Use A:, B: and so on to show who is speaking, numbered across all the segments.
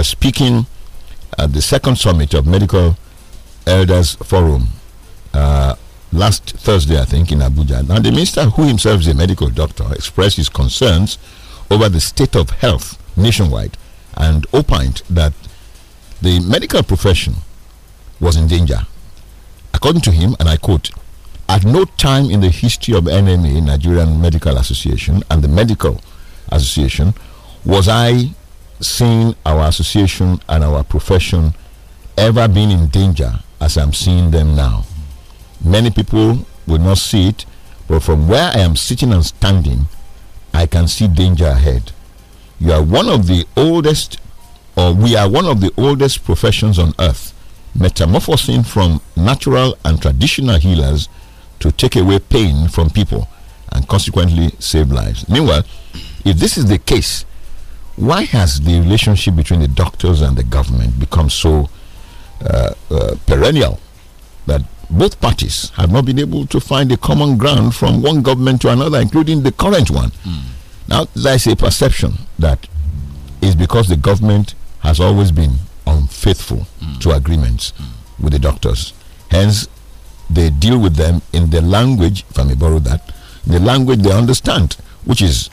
A: uh, speaking
B: at the second summit of Medical Elders Forum uh, last Thursday, I think, in Abuja. Now, the minister, who himself is a medical doctor, expressed his concerns over the state of health nationwide and opined that the medical profession was in danger. According to him, and I quote, at no time in the history of NMA, Nigerian Medical Association, and the Medical Association, was I seen our association and our profession ever been in danger as I'm seeing them now. Many people will not see it, but from where I am sitting and standing, I can see danger ahead. You are one of the oldest, or we are one of the oldest professions on earth, metamorphosing from natural and traditional healers to take away pain from people and consequently save lives. Meanwhile, if this is the case, why has the relationship between the doctors and the government become so uh, uh, perennial that both parties have not been able to find a common ground from one government to another, including the current one? Mm. Now, there's a perception that is because the government has always been unfaithful mm. to agreements mm. with the doctors. Hence, they deal with them in the language, if I may borrow that, the language they understand, which is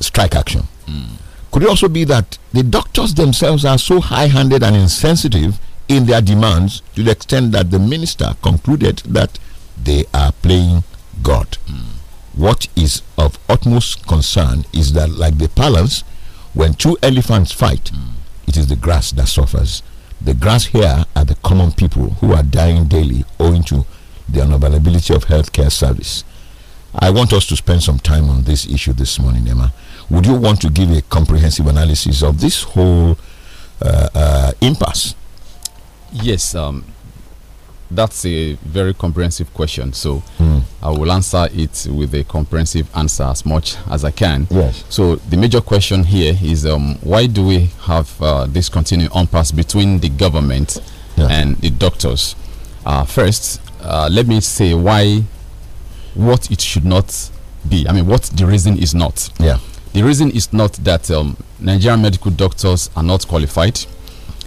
B: strike action. Mm. Could it also be that the doctors themselves are so high handed and insensitive in their demands to the extent that the minister concluded that they are playing God? Mm. What is of utmost concern is that, like the palace, when two elephants fight, mm. it is the grass that suffers. The grass here are the common people who are dying daily owing to the unavailability of healthcare service. I want us to spend some time on this issue this morning, Emma. Would you want to give a comprehensive analysis of this whole uh, uh, impasse?
C: Yes, um, that's a very comprehensive question. So mm. I will answer it with a comprehensive answer as much as I can. Yes. So the major question here is um, why do we have uh, this continuing impasse between the government and the doctors? Uh, first, uh, let me say why, what it should not be. I mean, what the reason is not. Yeah. The reason is not that um, Nigerian medical doctors are not qualified.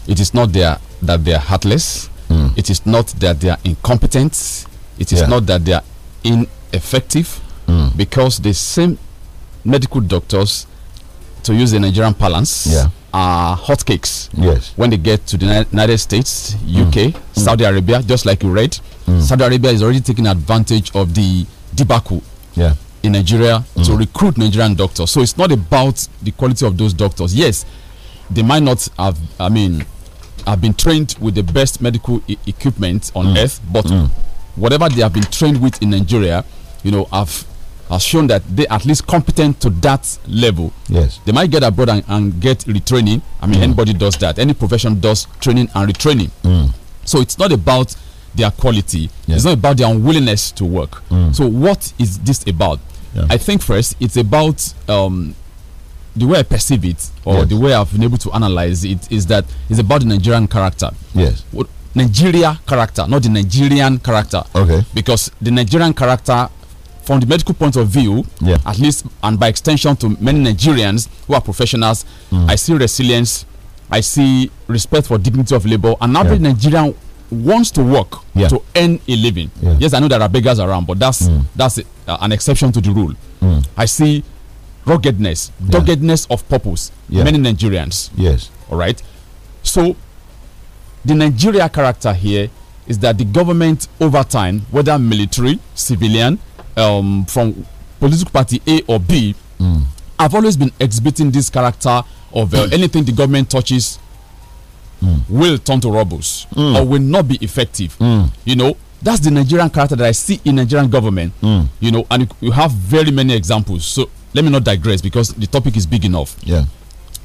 C: It is not their, that they are heartless. Mm. It is not that they are incompetent. It is yeah. not that they are ineffective. Mm. Because the same medical doctors, to use the Nigerian parlance, yeah. are hotcakes. Yes. When they get to the United States, mm. UK, mm. Saudi Arabia, just like you read, mm. Saudi Arabia is already taking advantage of the debacle yeah in Nigeria mm. to recruit Nigerian doctors. So it's not about the quality of those doctors. Yes, they might not have, I mean, have been trained with the best medical e equipment on mm. earth, but mm. whatever they have been trained with in Nigeria, you know, have has shown that they are at least competent to that level. Yes. They might get abroad and, and get retraining. I mean, mm. anybody does that. Any profession does training and retraining. Mm. So it's not about their quality. It's not about their unwillingness to work. Mm. So what is this about? Yeah. I think first it's about um, the way I perceive it or yes. the way I've been able to analyze it is that it's about the Nigerian character. Yes. What, Nigeria character, not the Nigerian character. Okay. Because the Nigerian character, from the medical point of view, yeah. at least, and by extension to many Nigerians who are professionals, mm. I see resilience, I see respect for dignity of labor, and every yeah. Nigerian wants to work yeah. to earn a living. Yes, I know there are beggars around, but that's mm. that's uh, an exception to the rule. Mm. I see ruggedness, yeah. doggedness of purpose. Yeah. Many Nigerians. Yes. All right. So the Nigeria character here is that the government over time, whether military, civilian, um, from political party A or B, mm. have always been exhibiting this character of uh, hmm. anything the government touches mm. will turn to rubbles mm. or will not be effective. Hmm. You know, that's the Nigerian character that I see in Nigerian government. Mm. You know, and you have very many examples. So let me not digress because the topic is big enough. Yeah.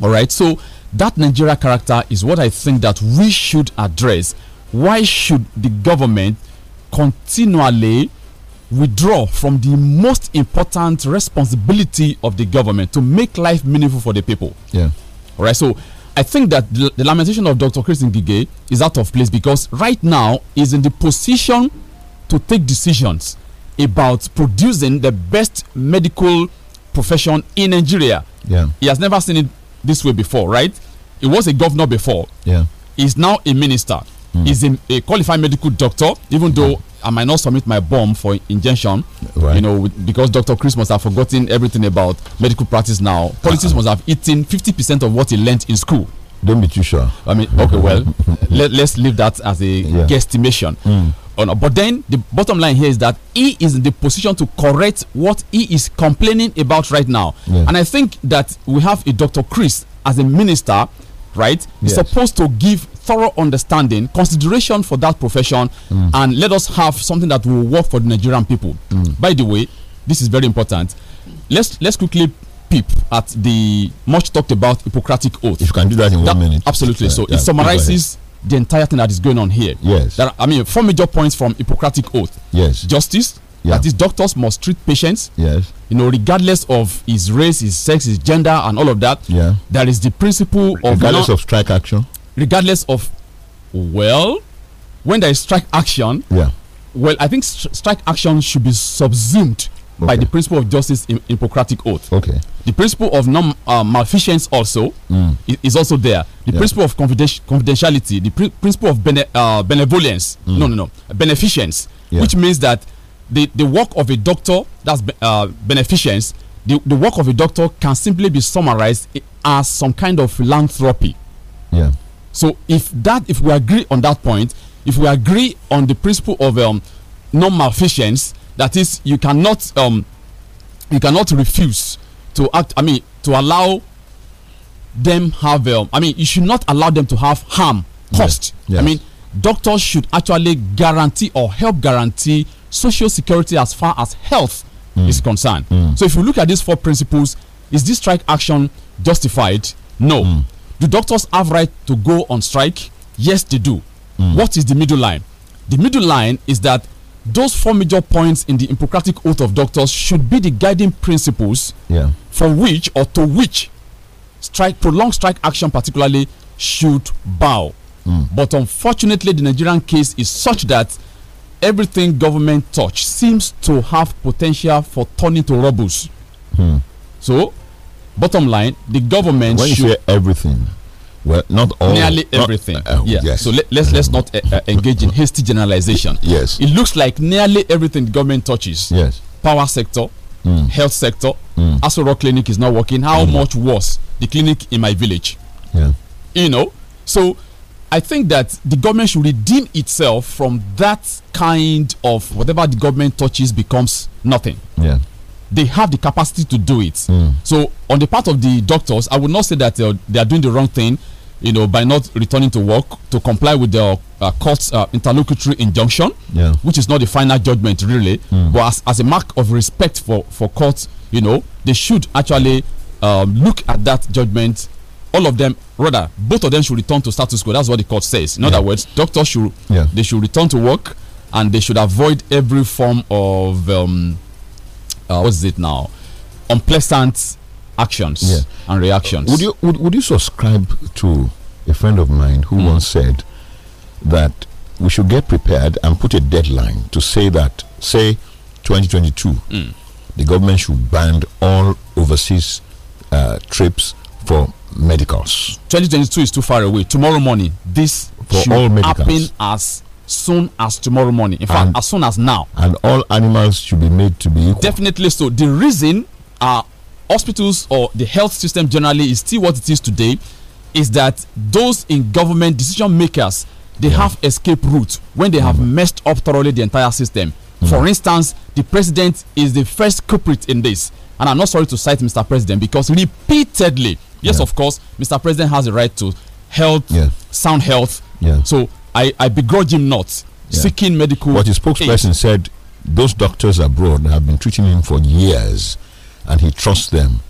C: All right. So that Nigeria character is what I think that we should address. Why should the government continually withdraw from the most important responsibility of the government to make life meaningful for the people? Yeah. All right. So I think that the, the lamentation of Dr. Christine Gige is out of place because right now is in the position to take decisions about producing the best medical profession in Nigeria. Yeah. He has never seen it this way before, right? He was a governor before. Yeah. He's now a minister. Mm. He's a, a, qualified medical doctor, even though hmm. I might not submit my bomb for injunction, right. you know, because Dr. Chris must have forgotten everything about medical practice now. Politics uh -uh. must have eaten 50% of what he learned in school. Don't be too sure. I mean, okay, well, let, us leave that as a yeah. guesstimation. Mm. Oh, no. But then the bottom line here is that he is in the position to correct what he is complaining about right now. Yeah. And I think that we have a Dr. Chris as a minister, right? He's supposed to give thorough understanding, consideration for that profession, mm. and let us have something that will work for the Nigerian people. Mm. By the way, this is very important. Let's let's quickly peep at the much talked about Hippocratic oath. If you can do that in that, one minute, absolutely. So yeah, it summarizes the entire thing that is going on here. Yes. There are, I mean, four major points from Hippocratic oath. Yes. Justice. Yeah. That is, doctors must treat patients. Yes. You know, regardless of his race, his sex, his gender, and all of that. Yeah. There is the principle of regardless of strike action regardless of, well, when there is strike action, yeah. well, I think st strike action should be subsumed okay. by the principle of justice in Hippocratic oath. Okay. The principle of non uh, malfeasance also mm. is, is, also there. The yeah. principle of confidenti confidentiality, the pr principle of bene uh, benevolence, mm. no, no, no, beneficence, yeah. which means that the, the work of a doctor, that's be, uh, beneficence, the, the work of a doctor can simply be summarized as some kind of philanthropy. Yeah. So if that, if we agree on that point, if we agree on the principle of um, non-malfeasance, that is, you cannot um, you cannot refuse to act. I mean, to allow them have. Um, I mean, you should not allow them to have harm cost. Yes, yes. I mean, doctors should actually guarantee or help guarantee social security as far as health mm. is concerned. Mm. So if you look at these four principles, is this strike action justified? No. Mm. Do doctors have right to go on strike? Yes, they do. Mm. What is the middle line? The middle line is that those four major points in the Hippocratic Oath of Doctors should be the guiding principles yeah. from which or to which strike prolonged strike action particularly should bow. Mm. But unfortunately, the Nigerian case is such that everything government touch seems to have potential for turning to rubble. Mm. So Bottom line, the government when should.
B: everything. Well, not all. Nearly not, uh, everything. Uh, yeah.
C: Yes. So let, us let's, let's not uh, uh, engage in hasty generalization. Yes. It looks like nearly everything government touches. Yes. Power sector, mm. health sector. Mm. Asoro clinic is not working. How mm. much worse the clinic in my village? Yeah. You know. So I think that the government should redeem itself from that kind of whatever the government touches becomes nothing. Yeah they have the capacity to do it. Mm. So, on the part of the doctors, I would not say that uh, they are doing the wrong thing, you know, by not returning to work to comply with the uh, court's uh, interlocutory injunction, yeah. which is not the final judgment, really. Mm. But as, as, a mark of respect for, for courts, you know, they should actually um, look at that judgment. All of them, rather, both of them should return to status quo. That's what the court says. In yeah. other words, doctors should yeah. they should return to work and they should avoid every form of um, uh, what's it now? Unpleasant actions yeah.
B: and reactions. Would you would, would you subscribe to a friend of mine who mm. once said that we should get prepared and put a deadline to say that say 2022 mm. the government should ban all overseas uh, trips for medicals. 2022 is too far away. Tomorrow morning, this
C: for should all medicals. happen as soon as tomorrow morning. In fact, and, as soon as now.
B: And all animals should be made to be equal.
C: Definitely so. The reason are uh, hospitals or the health system generally is still what it is today is that those in government decision makers they yeah. have escape route when they have mm. messed up thoroughly the entire system. Mm. For instance, the president is the first culprit in this. And I'm not sorry to cite Mr. President because repeatedly, yes, yeah. of course, Mr. President has the right to health, yeah. sound health. So I, I begrudge him not yeah. seeking medical. But his spokesperson aid.
B: said those doctors abroad have been treating him for years, and he trusts them,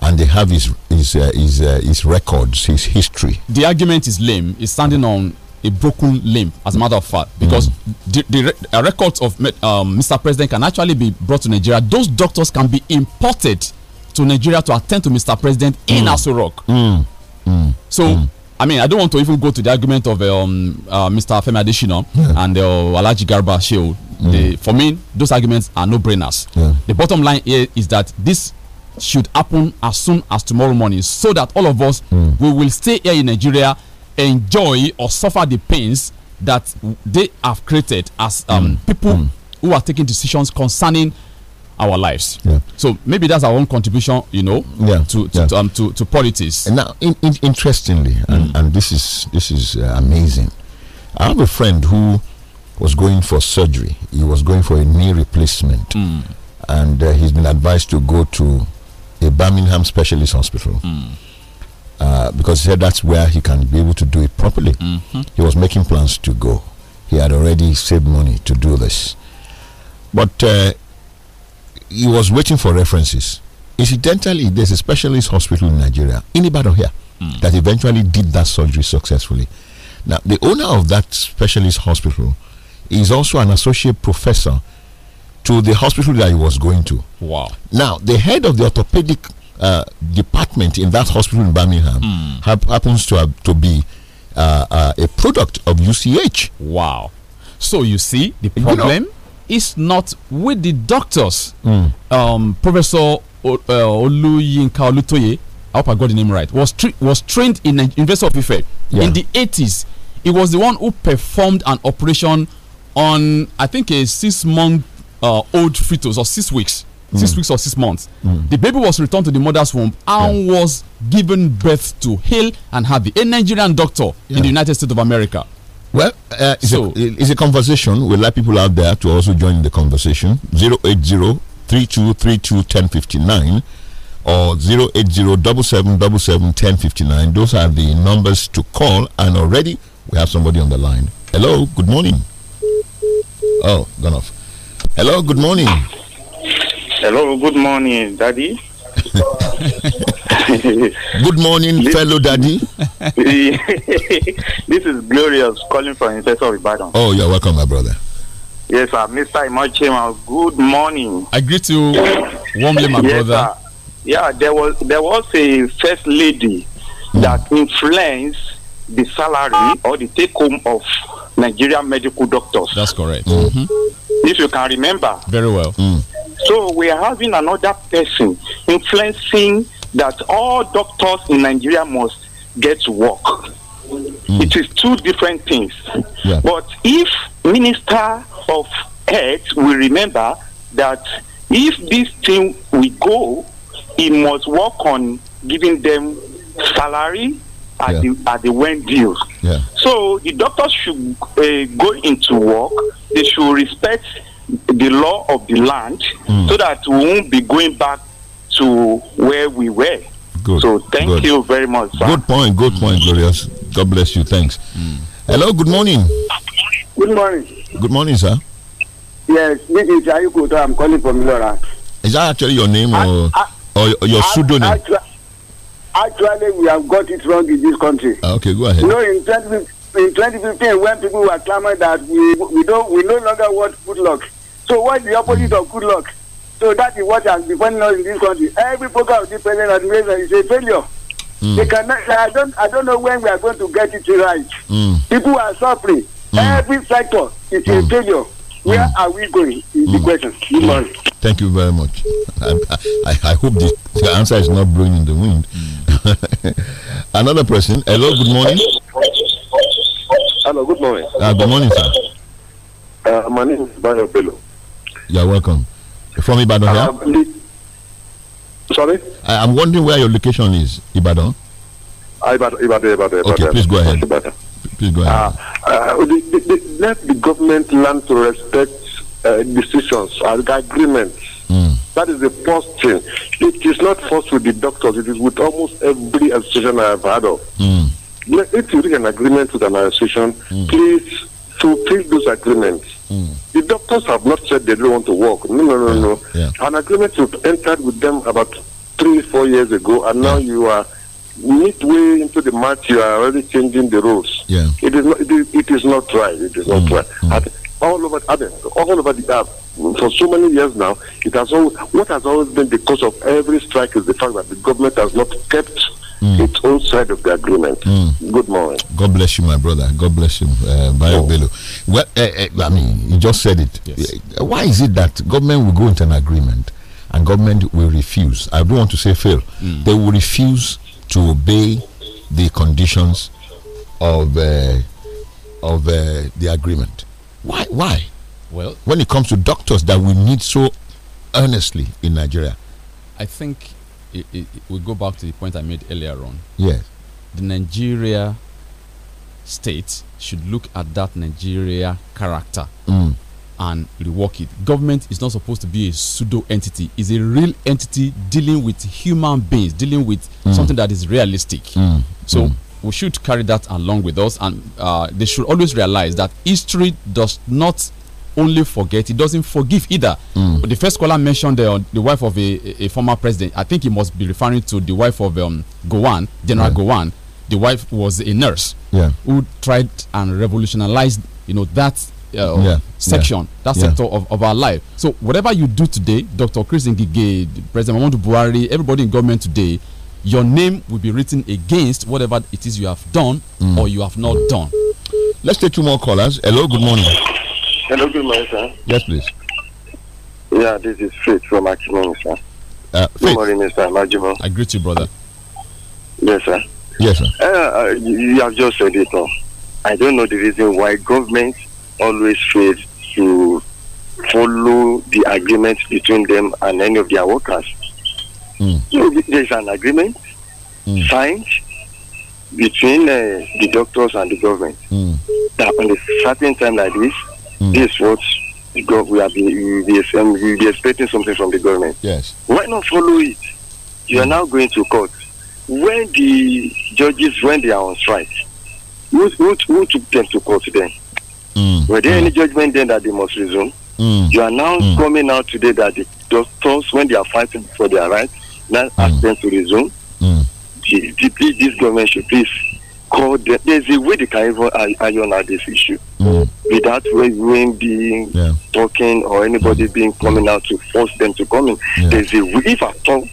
B: and they have his his uh, his uh, his records, his history.
C: The argument is lame. is standing on a broken limb, as a matter of fact, because mm. the, the, uh, records of um, Mr. President can actually be brought to Nigeria. Those doctors can be imported to Nigeria to attend to Mr. President mm. in Aso mm. mm. So mm. I mean, I don't want to even go to the argument of uh, um, uh, Mr. Femi Adesina yeah. and uh, Alaji Garba Shehu. Mm. for me, those arguments are no brainers. Yeah. The bottom line here is that this should happen as soon as tomorrow morning so that all of us mm. we will stay here in Nigeria, enjoy or suffer the pains that they have created as um, mm. people mm. who are taking decisions concerning our lives. Yeah. So maybe that's our own contribution, you know, yeah. to to, yeah. to, um, to, to politics. And
B: now, in, in, interestingly, mm. and, this is this is uh, amazing. I have a friend who was going for surgery. He was going for a knee replacement, mm. and uh, he's been advised to go to a Birmingham specialist hospital. Mm. Uh, because he said that's where he can be able to do it properly. -hmm. He was making plans to go. He had already saved money to do this. But uh, he was waiting for references. Incidentally, there's a specialist hospital in Nigeria, in Ibadan here, mm. that eventually did that surgery successfully. Now, the owner of that specialist hospital is also an associate professor to the hospital that he was going to. Wow. Now, the head of the orthopedic uh, department in that hospital in Birmingham mm. ha happens to, have, to be uh, uh, a product of UCH. Wow. So you see the problem. You know, is not
C: with the doctors. Mm. Um, Professor uh, Oluyinka Olutoye, I hope I got the name right, was tra was trained in University of Ife yeah. in the 80s. He was the one who performed an operation on, I think, a six month uh, old fetus or six weeks. Hmm. Six mm. weeks or six months. Mm. The baby was returned to the mother's womb and yeah. was given birth to Hale and had a Nigerian doctor yeah. in the United States of America.
B: Well, uh, it's, so, a, it's a conversation. We'd like people out there to also join the conversation. 080 3232 or 080 Those are the numbers to call. And already we have somebody on the line. Hello, good morning. Oh, gone off. Hello, good morning. Hello, good morning, Daddy. Good morning, this, fellow daddy.
D: this is Glorious calling from Intercessor Ibadan.
B: Oh, you're welcome, my brother.
D: Yes, sir. Mr. Imachima, good morning.
C: I
B: greet you warmly, my yes, brother.
D: Sir. Yeah, there was there was
C: a first lady mm. that influenced the salary or the take home of Nigerian medical doctors. That's correct. Mm -hmm. If you can remember.
A: Very well. Mm.
C: So we are having another person influencing that
E: all
D: doctors in Nigeria must get to work. Mm. It is two different things. Yeah. But if Minister of Health will remember that if this thing will go, he must work on giving them salary at yeah. the at the when deals. Yeah. So the doctors should uh, go into work. They should respect the law of the land mm. so that we won't be going back to where we were.
B: Good. So thank good. you very much. Sir. Good point. Good point, Glorious. God bless you. Thanks. Mm. Hello. Good morning. Good morning. Good morning, sir.
D: Yes, this is Ayukoto. I'm calling from Lora.
B: Is that actually your name or? I, I, or your pseudonym? actually we have got it wrong in this country. Okay, go ahead. You know,
D: in 2015, in 2015 when people were clamoring that we we don't we no longer want good luck. So what is the opposite mm. of good luck? So that is what has befallen us in this country. Every program of this president administration is a failure. Mm. They cannot. I don't. I don't know when we are going to get it right. Mm. People are suffering. Hmm. Every sector is a hmm. failure. Where mm. are we going? Is the mm. question.
A: Good mm. morning.
B: Thank you very much. I, I, I hope the, answer is not blowing in the wind. Mm. Another person. Hello, good morning.
D: Hello, good morning.
B: Uh, good morning, sir.
D: Uh, my name is Bayo Bello.
B: You're welcome. From Ibadan here? Um, Sorry? I, am wondering where your location is, Ibadan.
D: Ibadan, ah, Ibadan, Ibadan. Okay, please go ahead.
B: Ibadan. Please go ahead. Uh,
D: uh, the, the, the, let the government learn to respect uh, decisions and agreements. Mm. That is the first thing. It is not first with the doctors, it is with almost every association I have heard of. Mm. If you reach an agreement with an association, mm. please fulfill those agreements. Mm. The doctors have not said they don't want to work. No, no, no, yeah. no. Yeah. An agreement you entered with them about three, four years ago, and yeah. now you are midway into the match, you are already changing the rules. Yeah. It is not. It is, it is not right. It is not mm, right. Mm. all over, I mean, all over the app for so many years now. It has all. What has always been the cause of every strike is the fact that the government has not
B: kept Mm. its own side of the agreement. Mm. Good morning. God bless you, my brother. God bless you, uh, Bayo oh. Bello. Well, uh, uh, I mean, you just said it. Yes. Uh, why is it that government will go into an agreement and government will refuse? I don't want to say fail. Mm. They will refuse to obey the conditions of uh, of uh, the agreement. Why? Why? Well, when it comes to doctors that we need so earnestly in Nigeria,
C: I think it, it, we go back to the point I made earlier on. Yes, the Nigeria state should look at that Nigeria character. Mm and rework it. Government is not supposed to be a pseudo entity, it's a real entity dealing with human beings, dealing with mm. something that is realistic. Mm. mm. So mm. we should carry that along with us, and uh, they should always realize that history does not only forget, it doesn't forgive either. Mm. But the first scholar mentioned the, the wife of a, a, former president. I think he must be referring to the wife of um, Gowan, General yeah. Gowan. The wife was a nurse yeah. who tried and revolutionized, you know, that uh, yeah. section, yeah. that yeah. sector of, of our life. So whatever you do today, Dr. Chris Ngige, President Mamadou Buhari, everybody in government today, your name will be written against whatever it is you have done mm. or you have not done.
B: Let's take two more callers. Hello, good morning.
D: Hello, good morning, sir. Yes, please. Yeah, this is Faith from Akimoni, sir. Uh, Faith. Good morning, Mr. Majumo. I
B: greet you,
C: brother.
D: Yes, sir. Yes, sir. Uh, uh you have just said it all. I don't know the reason why governments always failed to follow the agreement between them and any of their workers. Mm. So there's an agreement mm. signed between uh, the doctors and the government mm. that on a certain time like this, hmm. this is what we will be um, expecting something from the government. Yes. Why not follow it? You are hmm. now going to court. When the judges, when they are on strike, who, who, who took them to court then? Were there mm. any judgment then that they must resume? Mm. You are now mm. coming out today that the doctors, when they are fighting for their rights, now mm. ask them to resume. Mm. The, please, this government should please call them. There's a way they can even iron out this issue without anyone being yeah. talking or anybody being coming out to force them to come in. Yeah. There's a way, if at all,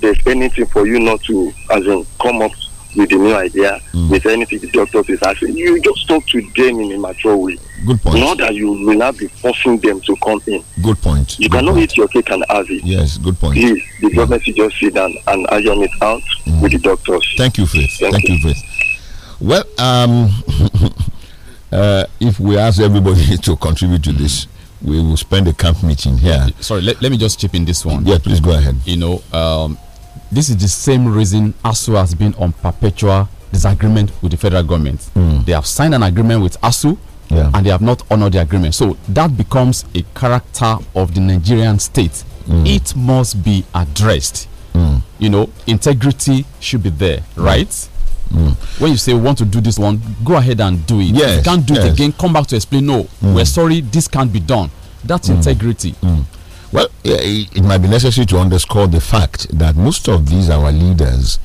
D: there's anything for you not to, as in, come up with a new idea, mm. with anything the doctor is asking. You just talk to them in a mature way. Good point. Not that you will not be forcing them to come in. Good point. You good cannot point. eat your cake and have it.
B: Yes, good point.
D: Please, the yeah. government should just sit down and iron it out mm. with
B: the doctors. Thank you, Faith. Thank, Thank you. you, Faith. Well, um, uh, if we ask everybody to contribute to this, we will spend a camp meeting here.
C: Sorry, let, let me just chip in this one. Yeah, please go ahead. You know, um, this is the same reason ASU has been on perpetual disagreement with the federal government. Mm. They have signed an agreement with ASU yeah. and they have not honored the agreement. So that becomes a character of the Nigerian state. Mm. It must be addressed. Mm. You know, integrity should be there, hmm. right? Mm. When you say want to do this one, go ahead and do it. Yes, you can't do yes. it again, come back to explain. No, we're hmm. sorry, this can't be done. That's hmm. integrity.
B: Well, it, might be necessary to underscore the fact that most of these our leaders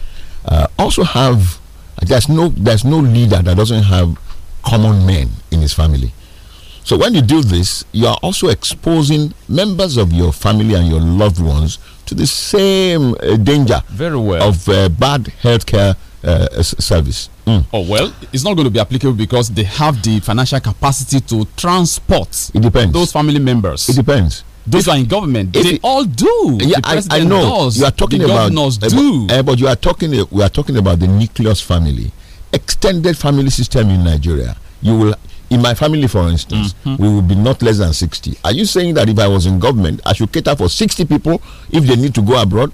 B: uh, also have. There's no there's no leader that doesn't have common men in his family. So when you do this, you are also exposing members of your family and your loved ones to the same uh, danger well. of uh, bad healthcare uh, service. Mm. Oh well, it's not going to be applicable
C: because they have the financial capacity to transport. It depends. Those family members. It depends those if, are in
B: government. They all
C: do. Yeah, I, I, know. Does. You are talking the about governors uh, do.
B: Uh, but you are talking. Uh, we are talking about the nucleus family, extended family system in Nigeria. You will. In my family, for instance, mm -hmm. we will be not less than 60. Are you saying that if I was in government, I should cater for 60 people if they need to go abroad?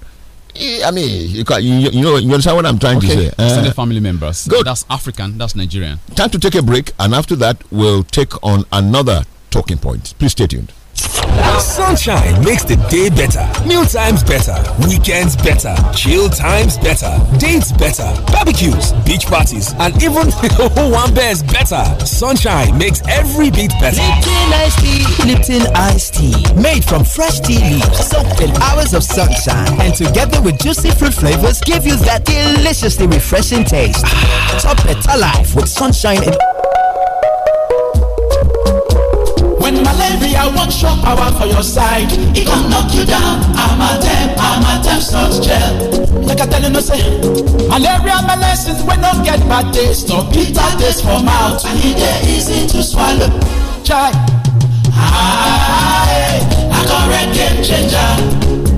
B: I mean, you, can, you, you, know, you understand what I'm trying okay. to say. Extended uh,
C: family members. Good. That's African. That's Nigerian.
B: Time to take a break, and after that, we'll take on another talking point. Please stay tuned.
F: Sunshine makes the day better, meal times better, weekends better, chill times better, dates better, barbecues, beach parties, and even one bears better. Sunshine makes every bit better. Lipton iced tea, Lipton iced tea, made from fresh tea leaves, soaked in hours of sunshine, and together with juicy fruit flavors, give you that
G: deliciously refreshing taste. Top better life with sunshine. And
F: Show power for your side. It can knock you down. I'm a dem, I'm a dem, not gel. Like I tell you, no say. Malaria, my lessons, we don't get bad taste. No bitter taste for mouth. And it easy to swallow. Chai. I, I red game changer.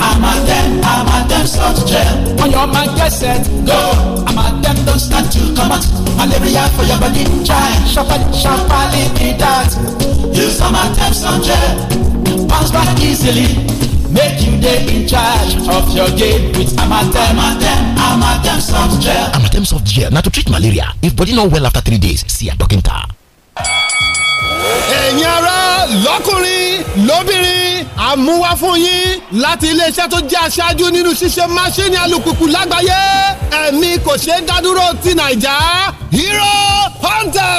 F: I'm a dem, I'm a dem, not gel. When your man gets set, go. I'm a dem, don't start to come out. Malaria for your body, try. Shapali, shapali, be that. use some attempts on jet bounce back easily make you dey in charge of your game with amatem amatem amatem soft gel.
E: amatem soft gel na to treat malaria if body no well after three days see a doctor. ẹ̀yin ará lọ́kùnrin lóbìnrin àmúwá fún yín láti iléeṣẹ́ tó jẹ́ aṣáájú nínú ṣíṣe máṣíìnì alùpùpù lágbàáyé ẹ̀mí kò ṣeé dádúró ti nàìjà Hero Hunter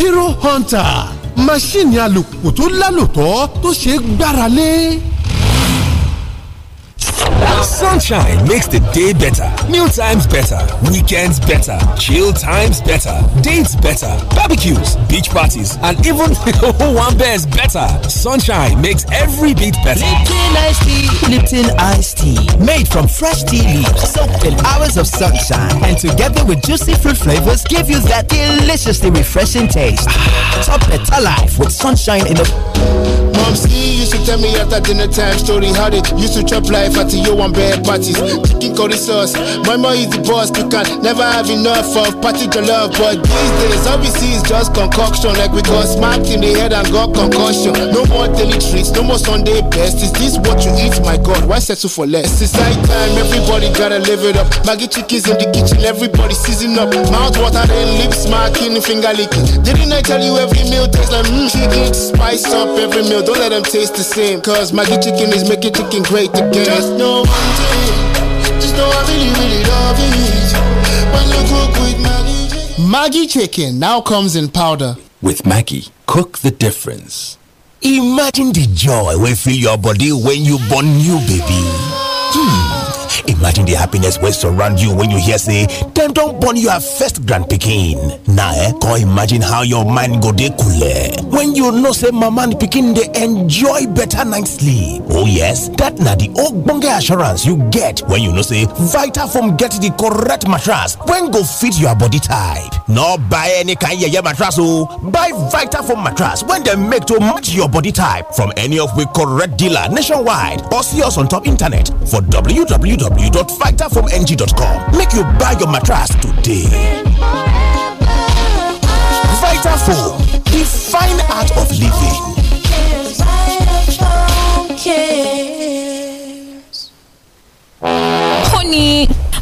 E: hero hunter máṣíìnì alùpùpù tó lálòtọ́ tó ṣeé gbára lé Sunshine makes the
F: day better, meal times better, weekends better, chill times better, dates better, barbecues, beach parties, and even one bears better. Sunshine makes every bit better. Lipton iced tea, Lipton iced tea, made from fresh tea leaves, soaked in hours of sunshine, and together with juicy fruit flavors, give you that deliciously
E: refreshing
G: taste. Top better life with sunshine in the.
E: Mom used to tell me after dinner time story how it used to chop life at yo and bad parties. Chicken curry sauce, my mom is the boss, you can never have enough of party to love. But these days, all we see is just concoction, like we got smacked in the head and got concussion. No more daily treats, no more Sunday best. Is this what you eat? My God, why settle for less? It's night time, everybody gotta live it up. Maggie chickens in the kitchen, everybody season up. Mouth water, then lips smacking, finger licking. Didn't I tell you every meal tastes like mmm? Chicken spice up every meal. Don't let them taste the same. Cause Maggie chicken is making chicken great again. Just know one thing, just know I really, really love it. When you cook with Maggie chicken. Maggie chicken now comes in powder.
H: With Maggie, cook the difference.
E: Imagine the joy
F: will fill your body when you born new baby. Imagine the happiness wey surround you when you hear say do don born your first grand picking. Now, eh, imagine how your mind go dey when you know say mama and pikin they enjoy better night sleep. Oh yes, that na the ogbonge assurance you get when you know say from get the correct mattress when go fit your body type. No buy any kind your mattress oh, buy from mattress when they make to match your body type from any of we correct dealer nationwide or see us on top internet for www www.vitafoamng.com. Make you buy your mattress today. Vitafoam, the fine art of living.
I: Honey.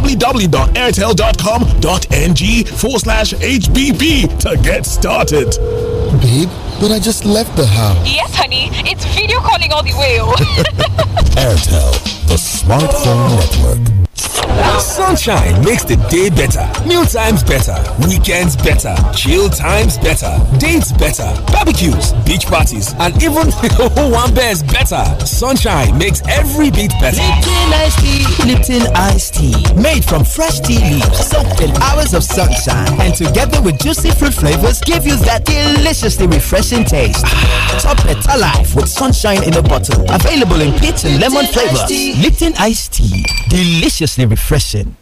J: www.airtel.com.ng forward slash HBB to get started. Babe, but I just left the house.
I: Yes, honey. It's video calling
K: all the way. Oh.
F: Airtel, the
I: smartphone
F: network. Sunshine makes the day better, meal times better, weekends better, chill times better, dates better, barbecues, beach parties, and even one bears better. Sunshine makes every bit better. Lipton iced tea, Lipton iced tea, made from fresh tea leaves, soaked in hours of sunshine, and together with juicy fruit flavors,
G: give you that deliciously refreshing taste. Ah. Top it alive with sunshine in a bottle, available in peach and lemon flavors. Lipton iced tea, delicious tremendously refreshing.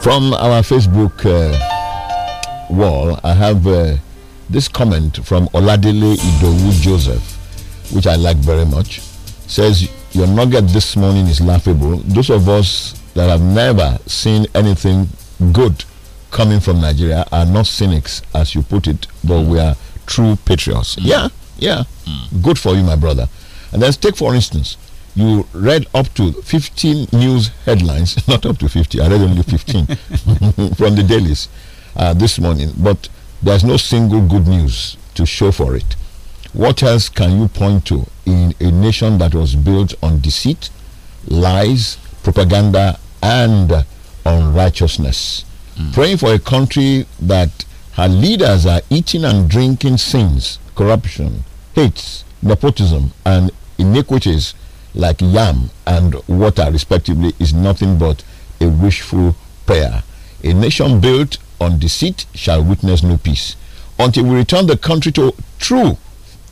B: From our Facebook uh, wall, I have uh, this comment from Oladile Idowu Joseph, which I like very much. Says your nugget this morning is laughable. Those of us that have never seen anything good coming from Nigeria are not cynics, as you put it, but we are true patriots. Mm. Yeah, yeah. Mm. Good for you, my brother. And then take, for instance, you read up to 15 news headlines, not up to 50, I read only 15 from the dailies uh, this morning, but there's no single good news to show for it. What else can you point to in a nation that was built on deceit, lies, propaganda, and unrighteousness. Mm. Praying for a country that her leaders are eating and drinking sins, corruption, hates, nepotism, and iniquities like yam and water, respectively, is nothing but a wishful prayer. A nation built on deceit shall witness no peace until we return the country to true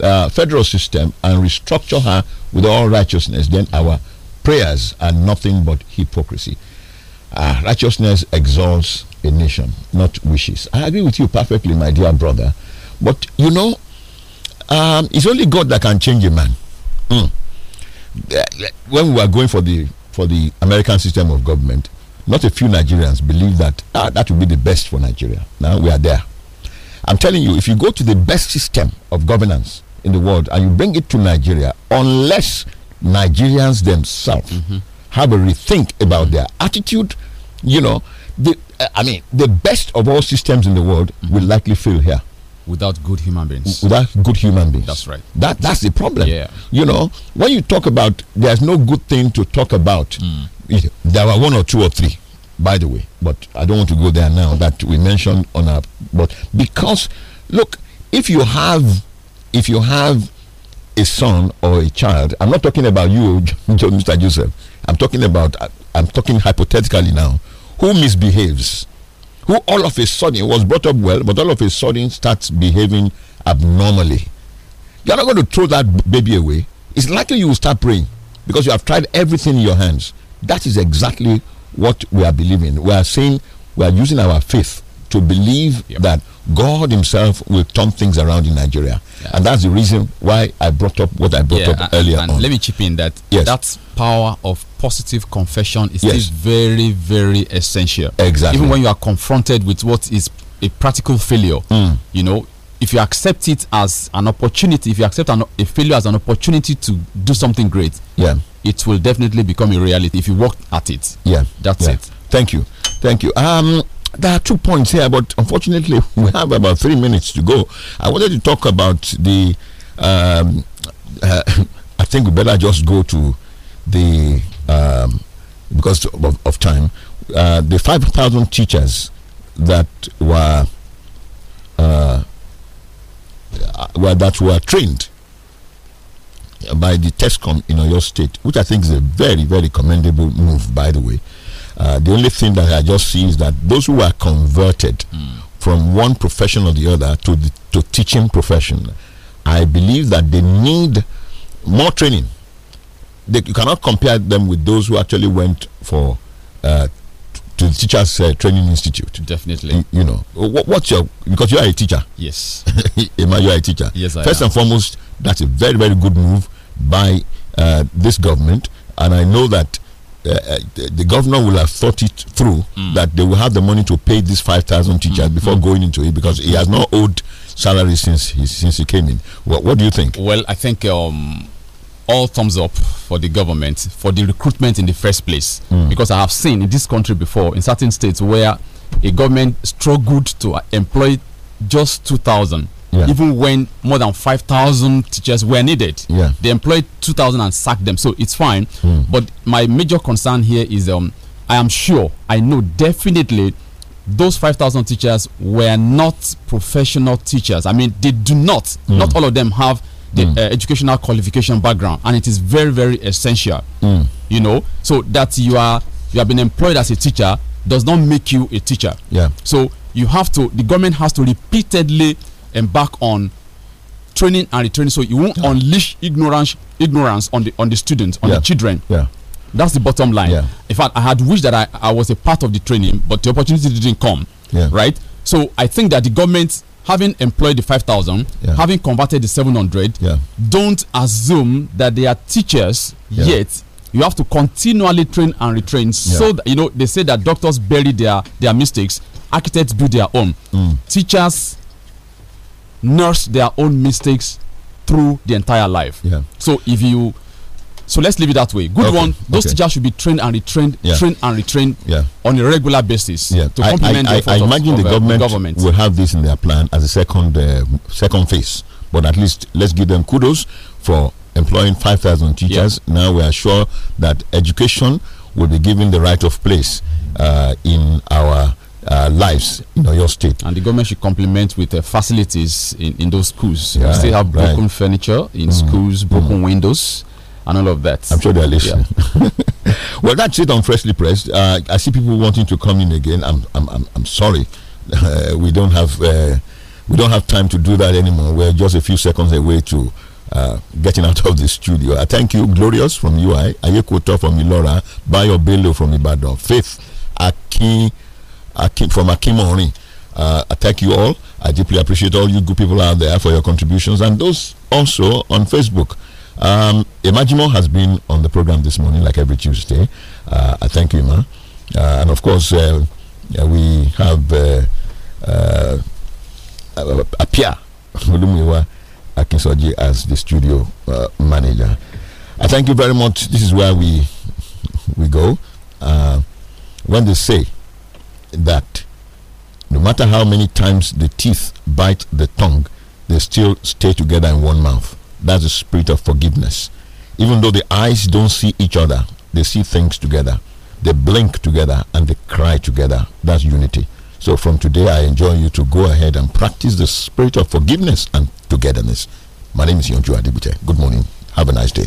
B: uh, federal system and restructure her with all righteousness, then our prayers are nothing but hypocrisy. Uh, righteousness exalts a nation, not wishes. I agree with you perfectly, my dear brother. But you know, um, it's only God that can change a man. Mm. When we were going for the for the American system of government, not a few Nigerians believe that ah, that would be the best for Nigeria. Now we are there. I'm telling you, if you go to the best system of governance in the world and you bring it to Nigeria, unless Nigerians themselves mm -hmm. have a rethink about their attitude, you know, the, uh, I mean, the best of all systems in the world mm -hmm. will likely fail here
C: without good human
B: beings. Without good human beings. That's right. That that's the problem. Yeah. You know, when you talk about there's no good thing to talk about. Mm. There are one or two or three by the way. But I don't want to go there now that we mentioned on our but because look, if you have if you have a son or a child, I'm not talking about you, Mr. Joseph. I'm talking about I'm talking hypothetically now, who misbehaves, who all of a sudden was brought up well, but all of a sudden starts behaving abnormally. You're not going to throw that baby away. It's likely you will start praying because you have tried everything in your hands. That is exactly what we are believing. We are saying we are using our faith to believe yep. that God Himself will turn things around in Nigeria, and that's the reason why I brought up what I brought yeah, up and, earlier. And on. let
C: me chip in that yes. that power of positive confession is yes. very, very essential. Exactly. Even when you are confronted with what is a practical failure, mm. you know, if you accept it as an opportunity, if you accept an, a failure as an opportunity to do something great, yeah it will definitely
B: become a reality if you work at it. Yeah, that's yeah. it. Thank you, thank you. Um, there are two points here, but unfortunately, we have about three minutes to go. I wanted to talk about the. Um, uh, I think we better just go to the um, because of, of time. Uh, the five thousand teachers that were uh, were that were trained by the Tescom in your state, which I think is a very, very commendable move, by the way. Uh, the only thing that I just see is that those who are converted mm. from one profession or the other to the to teaching profession, I believe that they need more training. They, you cannot compare them with those who actually went for uh, to the teachers uh, training institute definitely you, you know what, what's your because you are a teacher yes Emma you are a teacher yes I first am. and foremost that's a very, very good move by uh, this government. And I know that uh, uh the, governor will have thought it through mm. that they will have the money to pay these 5,000 teachers mm. before mm. going into it because he has not owed salary since he, since he came in. Well, what do you think?
C: Well, I think um, all thumbs up for the government for the recruitment in the first place hmm. because I have seen in this country before in certain states where a government struggled to employ just 2,000 yeah. even when more than 5,000 teachers were needed. Yeah. They employed 2,000 and sacked them, so it's fine. Mm. But my major concern here is um, I am sure, I know definitely those 5,000 teachers were not professional teachers. I mean, they do not, mm. not all of them have the mm. uh, educational qualification background, and it is very, very essential. Mm. You know, so that you are you have been employed as a teacher does not make you a teacher. Yeah. So you have to the government has to repeatedly embark on training and retraining so you won't yeah. unleash ignorance ignorance on the on the students on yeah. the children yeah that's the bottom line yeah. in fact i had wished that I, I was a part of the training but the opportunity didn't come yeah. right so i think that the government having employed the 5000 yeah. having converted the 700 yeah. don't assume that they are teachers yeah. yet you have to continually train and retrain so that you know they say that doctors bury their their mistakes architects do their own mm. teachers nurse their own mistakes through the entire life. Yeah. So if you so let's leave it that way. Good okay. one. Those okay. teachers should be trained and retrained, yeah. trained and retrained yeah. on a regular basis yeah. to complement the I, I imagine of, the, uh, government uh, government will
B: have this in their plan as a second uh, second phase. But at least let's give them kudos for employing 5,000 teachers. Yeah. Now we are sure that education will be given the right of place uh, in our uh,
C: lives in your state. And the government should complement with uh, facilities in, in those schools. we still have broken right.
B: furniture in mm. schools, mm-hmm. broken mm. windows, and all of that. I'm sure they're listening. Yeah. well, that's it on Freshly Pressed. Uh, I see people wanting to come in again. I'm, I'm, I'm, I'm sorry. we don't have uh, we don't have time to do that anymore. We're just a few seconds away to uh, getting out of the studio. I thank you, Glorious from UI, Ayekuto from Ilora, Bayo Bello from Ibadan, Faith Aki. Akim, from Akimori, Uh, I thank you all. I deeply appreciate all you good people out there for your contributions and those also on Facebook. Um, has been on the program this morning, like every Tuesday. Uh, I thank you, ma. Uh, and of course, uh, uh we have uh, uh, uh, Apia Olumuyiwa Akinsoji as the studio uh, manager. I thank you very much. This is where we we go. when they say that no matter how many times the teeth bite the tongue, they still stay together in one mouth. That's the spirit of forgiveness. Even though the eyes don't see each other, they see things together. They blink together and they cry together. That's unity. So from today, I enjoin you to go ahead and practice the spirit of forgiveness and togetherness. My name is Yonju Adibute. Good morning. Have a nice day.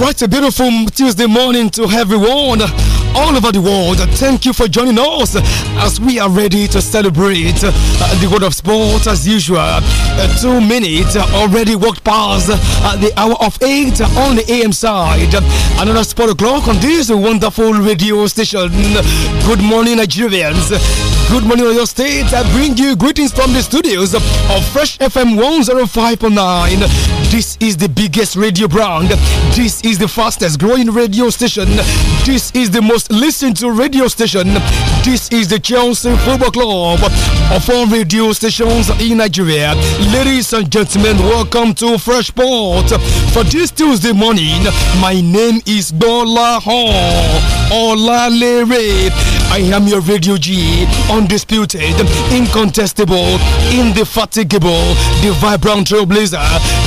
H: right, a beautiful Tuesday morning to everyone uh, all over the world. Uh, thank you for joining us uh, as we are ready to celebrate the world of sport as usual. Two minutes already walked past the hour of eight on the AM side. Another sport o'clock on this wonderful radio station. Good morning, Nigerians. Good morning, Oyo State. I bring you greetings from the studios of Fresh FM 105.9. This is the biggest radio brand. This is the fastest growing radio station. This is the most listened to radio station. This is the Chelsea Football Club of all radio stations in Nigeria. Ladies and gentlemen, welcome to Fresh Port. For this Tuesday morning, my name is Dola Hall. Ola Lere. I am your Radio G, undisputed, incontestable, indefatigable, the vibrant trailblazer,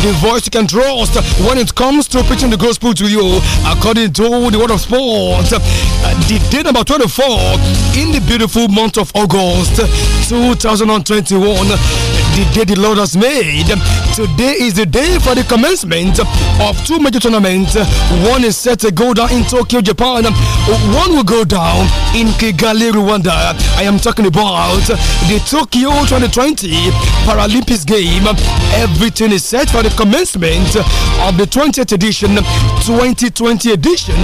H: the voice you can trust when it comes to preaching the gospel to you, according to the word of sport. Uh, the day number 24 in the beautiful month of August 2021 the day the Lord has made. Today is the day for the commencement of two major tournaments. One is set to go down in Tokyo, Japan. One will go down in Kigali, Rwanda. I am talking about the Tokyo 2020 Paralympics game. Everything is set for the commencement of the 20th edition, 2020 edition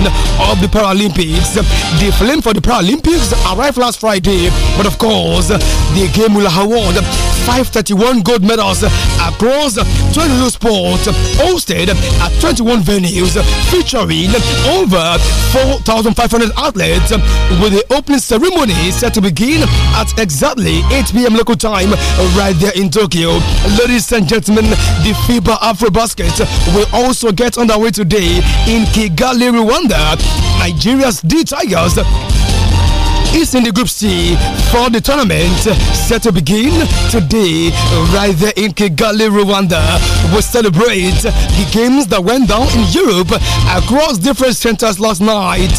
H: of the Paralympics. The flame for the Paralympics arrived last Friday, but of course, the game will award 531 21 gold medals across 22 sports hosted at 21 venues featuring over 4,500 athletes with the opening ceremony set to begin at exactly 8 p.m. local time right there in Tokyo. Ladies and gentlemen, the FIBA AfroBasket will also get underway today in Kigali, Rwanda. Nigeria's D Tigers is in the Group C for the tournament set to begin today right there in Kigali, Rwanda. We celebrate the games that went down in Europe across different centers last night.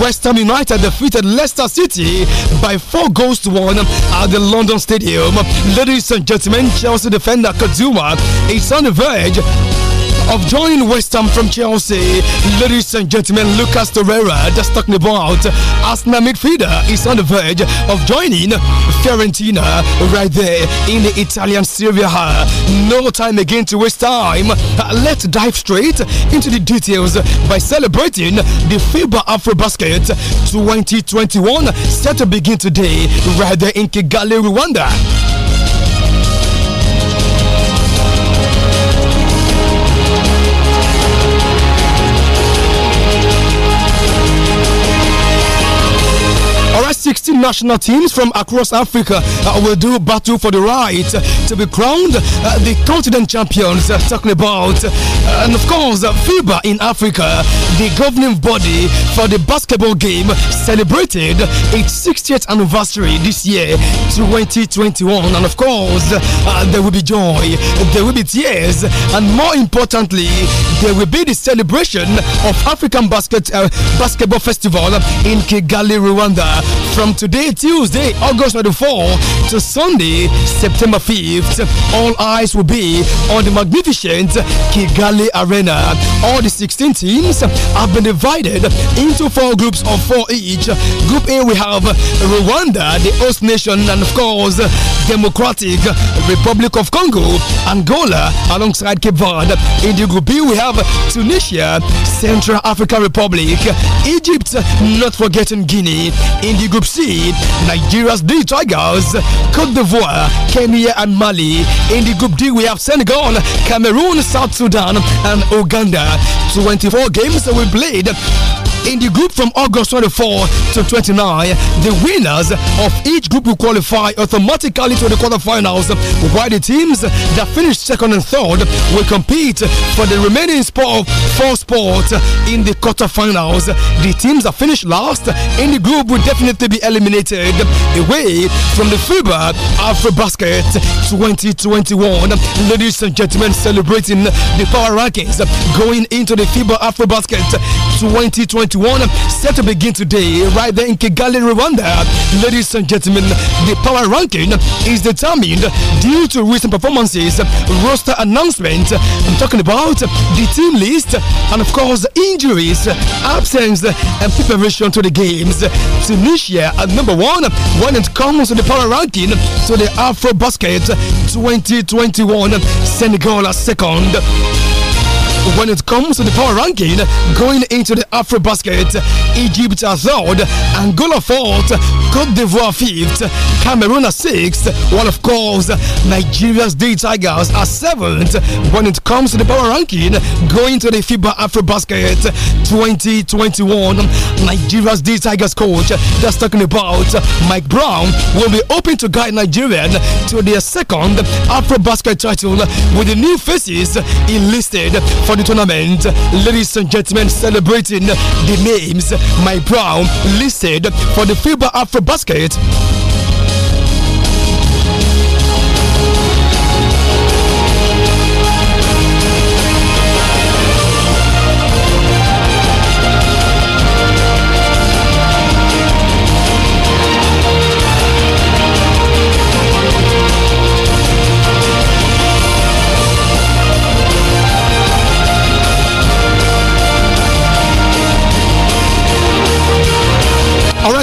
H: West Ham United defeated Leicester City by four goals to one at the London Stadium. Ladies and gentlemen, Chelsea defender Kazuma is on the verge of joining West Ham from Chelsea. Ladies and gentlemen, Lucas Torreira, just talking about Arsenal midfielder, is on the verge of joining Fiorentina right there in the Italian Serie A. No time again to waste time. Let's dive straight into the details by celebrating the FIBA AfroBasket 2021 set to begin today right there in Kigali, Rwanda. All right, 16 national teams from across Africa uh, will do battle for the right to be crowned uh, the continent champions. Uh, talking about, and of course, FIBA in Africa, the governing body for the basketball game, celebrated its 60th anniversary this year, 2021. And of course, there will be joy, there will be tears, and more importantly, there will be the celebration of African Basket uh, Basketball Festival in Kigali, Rwanda, from today Tuesday, August 24 to Sunday, September 5th. All eyes will be on the magnificent Kigali Arena. All the 16 teams have been divided into four groups of four each. Group A we have Rwanda, the host nation, and of course Democratic Republic of Congo, Angola, alongside Cape Verde. In the Group B we have Tunisia, Central African Republic, Egypt, not forgetting Guinea. In the Group C, Nigeria's D Tigers, Cote d'Ivoire, Kenya, and Mali. In the Group D, we have Senegal, Cameroon, South Sudan, and Uganda. 24 games we played. In the group from August 24 to 29, the winners of each group will qualify automatically to the quarterfinals, while the teams that finish second and third will compete for the remaining spot, of four spots in the quarterfinals. The teams that finish last in the group will definitely be eliminated away from the FIBA AfroBasket 2021. Ladies and gentlemen, celebrating the power rankings going into the FIBA AfroBasket 2021. 2021 set to begin today right there in Kigali, Rwanda. Ladies and gentlemen, the power ranking is determined due to recent performances, roster announcement. I'm talking about the team list and of course injuries, absence and preparation to the games. Tunisia at number one when it comes to the power ranking to the Afro Basket 2021. Senegal at second when it comes to the power ranking going into the AfroBasket. Egypt are third, Angola fourth, Cote d'Ivoire fifth, Cameroon are sixth, while of course Nigeria's D Tigers are seventh. When it comes to the power ranking going to the FIBA AfroBasket 2021, Nigeria's D Tigers coach that's talking about Mike Brown will be hoping to guide Nigerian to their second AfroBasket title with the new faces enlisted for for the tournament. Ladies and gentlemen, celebrating the names my brown listed for the FIBA Afro Basket.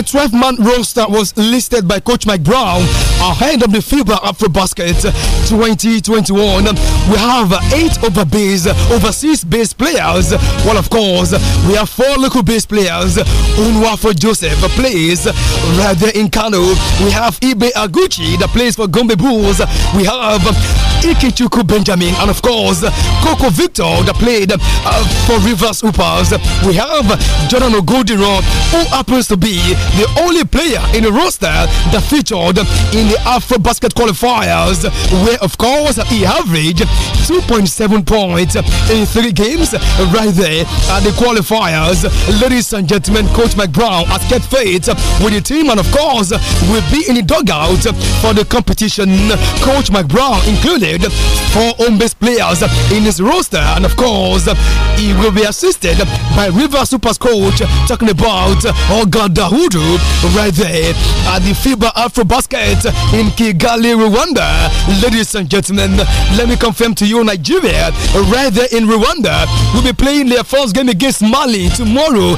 H: a 12 man roster was listed by Coach Mike Brown ahead of the FIBA AfroBasket 2021. We have eight overseas, overseas based players. Well, of course, we have four local based players. Unwafo Joseph plays right there in Kano. We have Ibe Aguchi that plays for Gombe Bulls. We have Ikichuku Benjamin and, of course, Coco Victor that played uh, for Rivers Upas. We have Jordan Ogodiro, who happens to be the only player in the roster that featured in the Afro Basket qualifiers, where of course he averaged 2.7 points in three games right there at the qualifiers. Ladies and gentlemen, Coach McBrown has kept faith with the team and of course will be in the dugout for the competition. Coach McBrown included four home base players in his roster and of course he will be assisted by River Supers coach talking about Ogada Hudu right there at the FIBA Afro Basket in Kigali, Rwanda. Ladies and gentlemen, let me confirm to you Nigeria, right there in Rwanda, will be playing their first game against Mali tomorrow,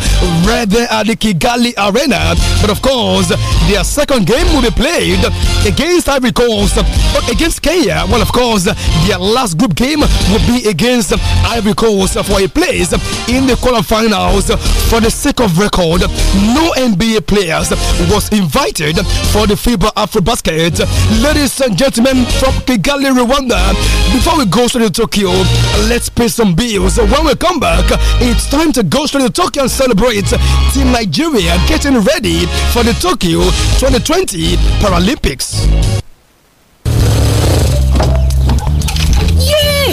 H: right there at the Kigali Arena. But of course, their second game will be played against Ivory Coast, but against Kenya. Well, of course, their last group game will be against Ivory Coast for a place in the quarterfinals for the sake of record. No NBA players was invited for the FIBA AfroBasket. Ladies and gentlemen from Kigali, Rwanda, before we go straight to Tokyo, let's pay some bills. When we come back, it's time to go straight to Tokyo and celebrate Team Nigeria getting ready for the Tokyo 2020 Paralympics.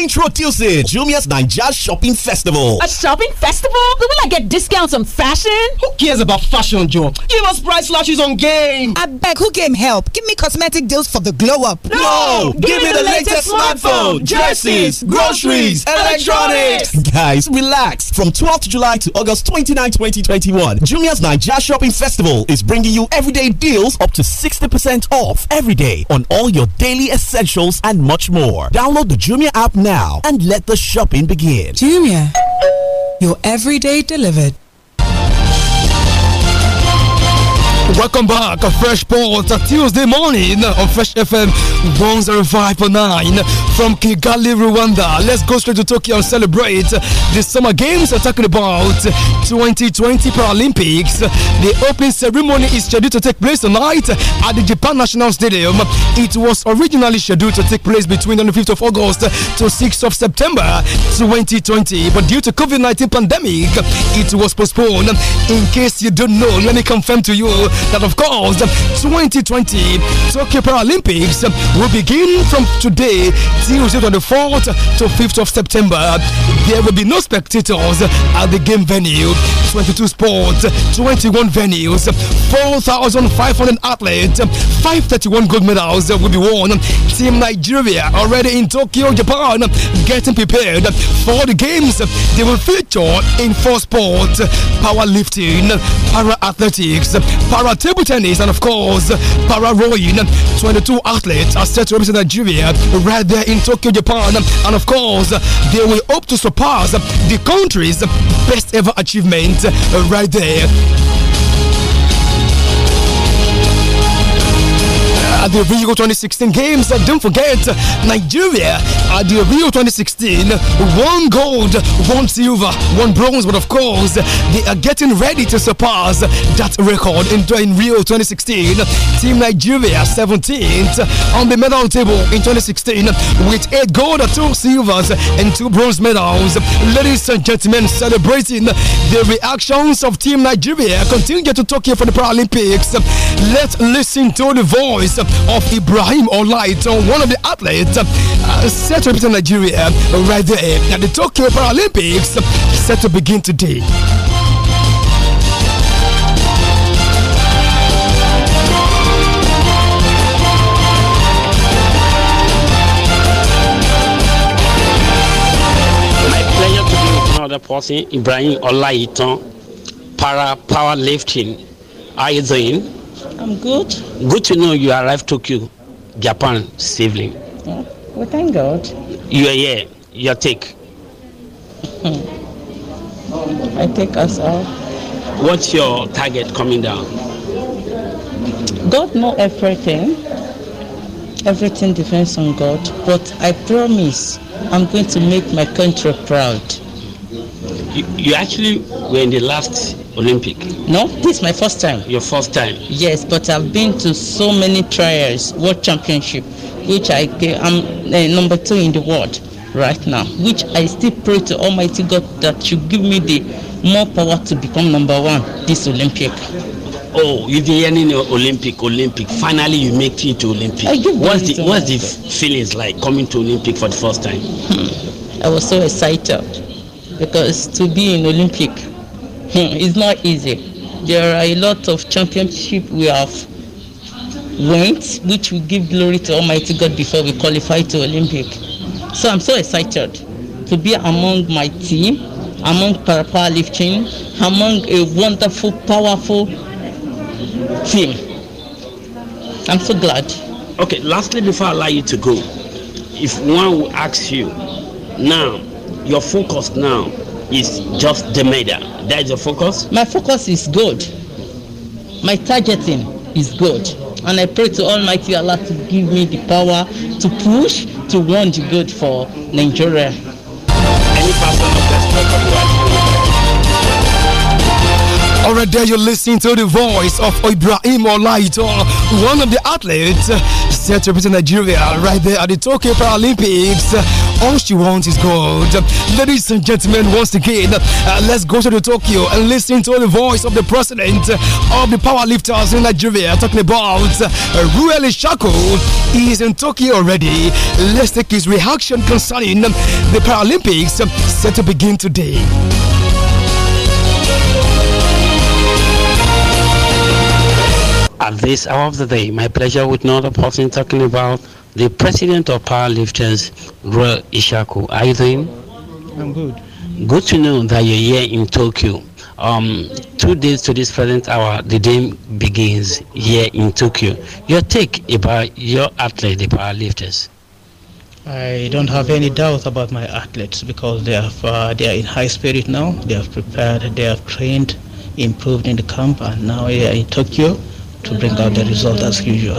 F: Intro Tuesday, Jumia's Niger Shopping Festival.
I: A shopping festival? Will I get
G: discounts on fashion? Who cares about fashion, Joe? Give us price slashes on game. I beg, who game help? Give me cosmetic deals for the glow up. No! no give, give, me, me the, the, latest, latest smartphone, dresses, groceries, electronics.
F: Guys, relax. From 12th July to August 29, 2021, Jumia's Niger Shopping Festival is bringing you everyday deals up to 60% off every day on all your daily essentials and much more. Download the Jumia app now now and let the shopping begin. Junior, your everyday delivered.
H: Welcome back, a Fresh Port, a Tuesday morning on Fresh FM 105.9 from Kigali, Rwanda. Let's go straight to Tokyo and celebrate the Summer Games. We're talking about 2020 Paralympics. The opening ceremony is scheduled to take place tonight at the Japan National Stadium. It was originally scheduled to take place between the 5th of August to 6th of September 2020, but due to COVID 19 pandemic, it was postponed. In case you don't know, let me confirm to you that, of course, 2020 Tokyo Paralympics will begin from today, Tuesday, 4th to 5th of September. There will be no spectators at the game venue. 22 sports, 21 venues, 4,500 athletes, 531 gold medals will be won. Team Nigeria already in Tokyo, Japan, getting prepared for the games. They will feature in four sports powerlifting, para athletics, para para table tennis, and of course, para rowing. 22 athletes are set to represent Nigeria right there in Tokyo, Japan. And of course, they will hope to surpass the country's best ever achievement right there at the Rio 2016 games. Don't forget, Nigeria at the Rio 2016 one gold, one silver, one bronze. But of course, they are getting ready to surpass that record in, in Rio 2016. Team Nigeria 17th on the medal table in 2016 with eight gold, two silvers, and two bronze medals. Ladies and gentlemen, celebrating the reactions of Team Nigeria continue to Tokyo for the Paralympics. Let's listen to the voice of Ibrahim Olaito, uh, one of the athletes uh, set to represent Nigeria uh, right there at the Tokyo Paralympics set to begin today.
L: another person, Ibrahim Olaitan, para powerlifting, Aizin, I'm good. Good to know you arrived Tokyo, Japan, safely.
M: Yeah. Well, thank God.
L: You are here. Your take.
M: I take us all.
L: What's your target coming down?
M: God knows everything. Everything depends on God. But I promise I'm going to make my country proud.
L: You, you actually were in the last Olympic?
M: No, this is my first time. Your first time? Yes, but I've been to so many trials, world championship, which I am uh, eh, number two in the world right now, which I still pray to Almighty God that you give me the more power to become number one this Olympic.
L: Oh, you've been your Olympic, Olympic. Finally, you make it to Olympic. I give what's the what's the feelings like coming to Olympic for the first time?
M: Hmm. I was so excited because to be in Olympic Hmm, it's not easy. There are a lot of championship we have went, which will give glory to Almighty God before we qualify to Olympic. So I'm so excited to be among my team, among powerlifting, among a wonderful, powerful team. I'm so glad.
L: Okay, lastly, before I allow you to go, if one will ask you now, your focus now is just the media. That is your
M: focus? My focus is God. My targeting is God. And I pray to Almighty Allah to give me the power to push to want the good for Nigeria.
L: Any person of
H: all right, there you're listening to the voice of Ibrahim Olaito, one of the athletes set to represent Nigeria right there at the Tokyo Paralympics all she wants is gold. Ladies and gentlemen, once again, uh, let's go to Tokyo and listen to the voice of the president of the powerlifters in Nigeria talking about uh, Rueli Shako. He's in Tokyo already. Let's take his reaction concerning the Paralympics set to begin today. At this hour of the day, my
L: pleasure with not person talking about the president of Powerlifters, Royal Ishaku. Are you doing? I'm good. Good to know that you're here in Tokyo. Um, two days to this present hour, the game begins here in Tokyo. Your take about your athlete, the powerlifters?
M: I don't have any doubt about my athletes because they are uh, they are in high spirit now. They have prepared, they have trained,
L: improved in the camp, and now they are in Tokyo to bring out the result as usual.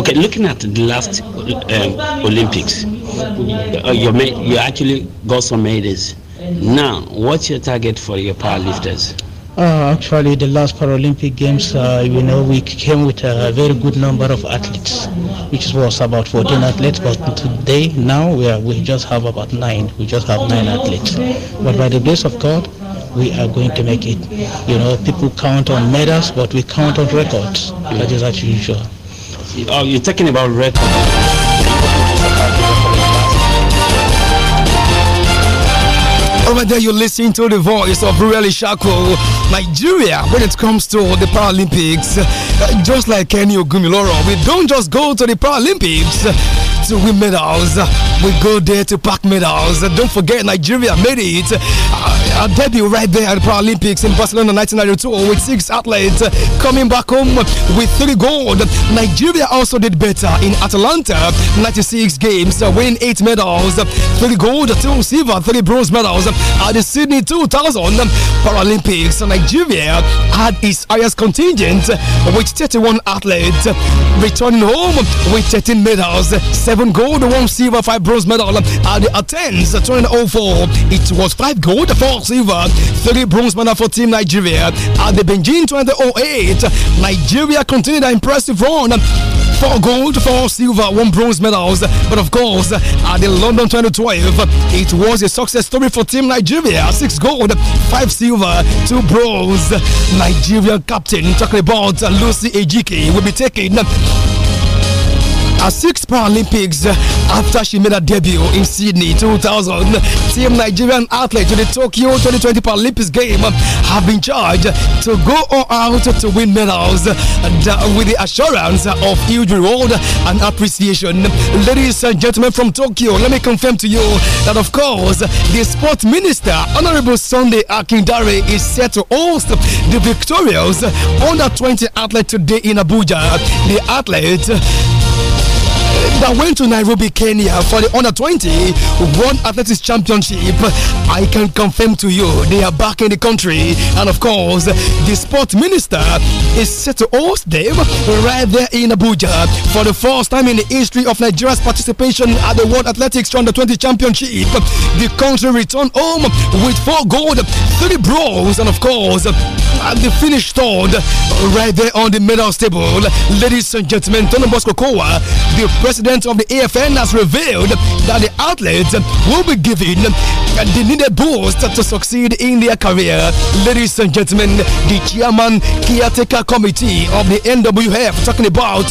L: Okay, looking at the last um, Olympics,
M: uh, you, made, you
L: actually got some medals. Now, what's your target for your powerlifters? Uh, actually, the last Paralympic Games, uh, you know, we came with a very good number of athletes, which was about 14 athletes. But today, now we, are, we just have about nine. We just have nine athletes. But by the grace of God, we are going to make it. You know, people count on medals, but we count on records. Yeah. That is as usual.
H: Oh, you're talking about records. Over there, you're listening to the voice of Rureli Shako, Nigeria, when it comes to the Paralympics. Uh, just like Kenny Ogumiloro, we don't just go to the Paralympics to win medals we go there to pack medals. don't forget, Nigeria made it. Uh, a debut right there at the Paralympics in Barcelona 1992 with six athletes coming back home with three gold. Nigeria also did better in Atlanta 96 games, uh, winning eight medals, three gold, two silver, three bronze medals at the Sydney 2000 Paralympics. Nigeria had its highest contingent with 31 athletes returning home with 13 medals, seven gold, one silver, five bronze medal at the Athens uh, 2004. It was five gold, four silver, three bronze medal for Team Nigeria. At the Beijing 2008, Nigeria continued an impressive run four gold, four silver, one bronze medals. But of course, uh, at the London 2012, it was a success story for Team Nigeria. Six gold, five silver, two bronze. Nigerian captain, talking about Lucy Ejike, will be taking at six Paralympics after she made her debut in Sydney 2000. Team Nigerian athletes to the Tokyo 2020 Paralympics game have been charged to go all out to win medals uh, with the assurance of huge reward and appreciation. Ladies and gentlemen from Tokyo, let me confirm to you that, of course, the sport minister, Honorable Sunday Akindare, is set to host the victorious under 20 athlete today in Abuja. The athlete that went to Nairobi, Kenya for the under 20 World Athletics Championship. I can confirm to you they are back in the country, and of course, the Sports minister is set to host them right there in Abuja for the first time in the history of Nigeria's participation at the World Athletics Under 20 Championship. The country returned home with four gold, three bronze, and of course, at the finish third right there on the medal table. Ladies and gentlemen, Tony Bosco Kowa, the president of the AFN, has revealed that the outlet will be given the needed boost to succeed in their career. Ladies and gentlemen, the chairman caretaker committee of the NWF, talking about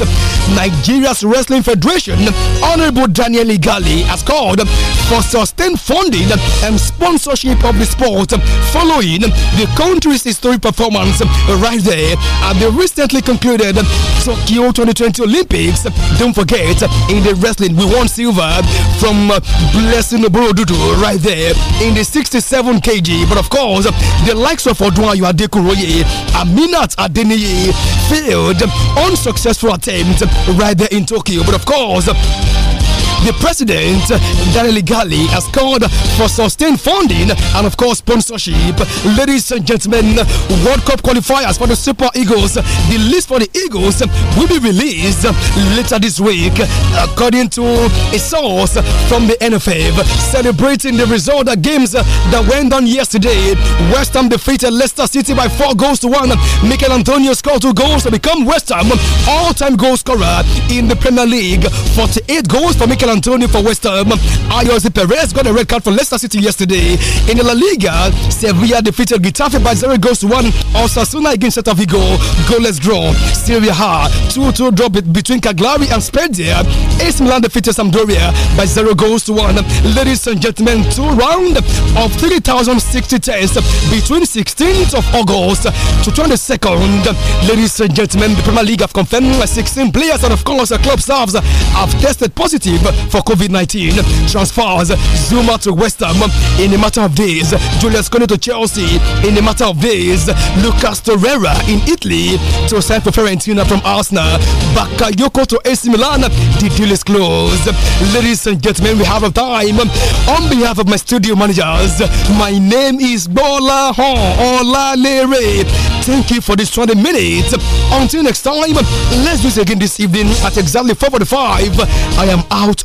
H: Nigeria's Wrestling Federation, Honorable Daniel Igali, has called for sustained funding and sponsorship of the sport following the country's historic performance right there at the recently concluded Tokyo 2020 Olympics. Don't forget, in the wrestling. We won silver from uh, Blessing Oborodudu right there in the 67 kg. But of course, the likes of Odwan Adekuroye, Aminat Adeniyi failed unsuccessful attempt right there in Tokyo. But of course, the president, Daniel Gali, has called for sustained funding and, of course, sponsorship. Ladies and gentlemen, World Cup qualifiers for the Super Eagles. The list for the Eagles will be released later this week, according to a source from the NFF. Celebrating the result of games that went on yesterday, West Ham defeated Leicester City by four goals to one. Mikel Antonio scored two goals to become West Ham all-time goal scorer in the Premier League. 48 goals for Mikel Michael Antonio for West Ham. Ayose Perez got a red card for Leicester City yesterday. In the La Liga, Sevilla defeated Getafe by 0 goals to 1. Osasuna against Celta Vigo. Goalless draw. Serie A 2-2 draw between Cagliari and Spezia. AC Milan defeated Sampdoria by 0 goals to 1. Ladies and gentlemen, two round of 3,060 tests between 16th of August to 22nd. Ladies and gentlemen, the Premier League have confirmed 16 players and of course club have tested positive for COVID 19. Transfers Zuma to West Ham in a matter of days. Julius Cone to Chelsea in a matter of days. Lucas Torreira in Italy to sign for Fiorentina from Arsenal. Bakayoko to AC Milan. The deal is closed. Ladies and gentlemen, we have a time. On behalf of my studio managers, my name is Bola Hon Olalere. Thank you for this 20 minutes. Until next time, let's do this again this evening at exactly 4.45. I am out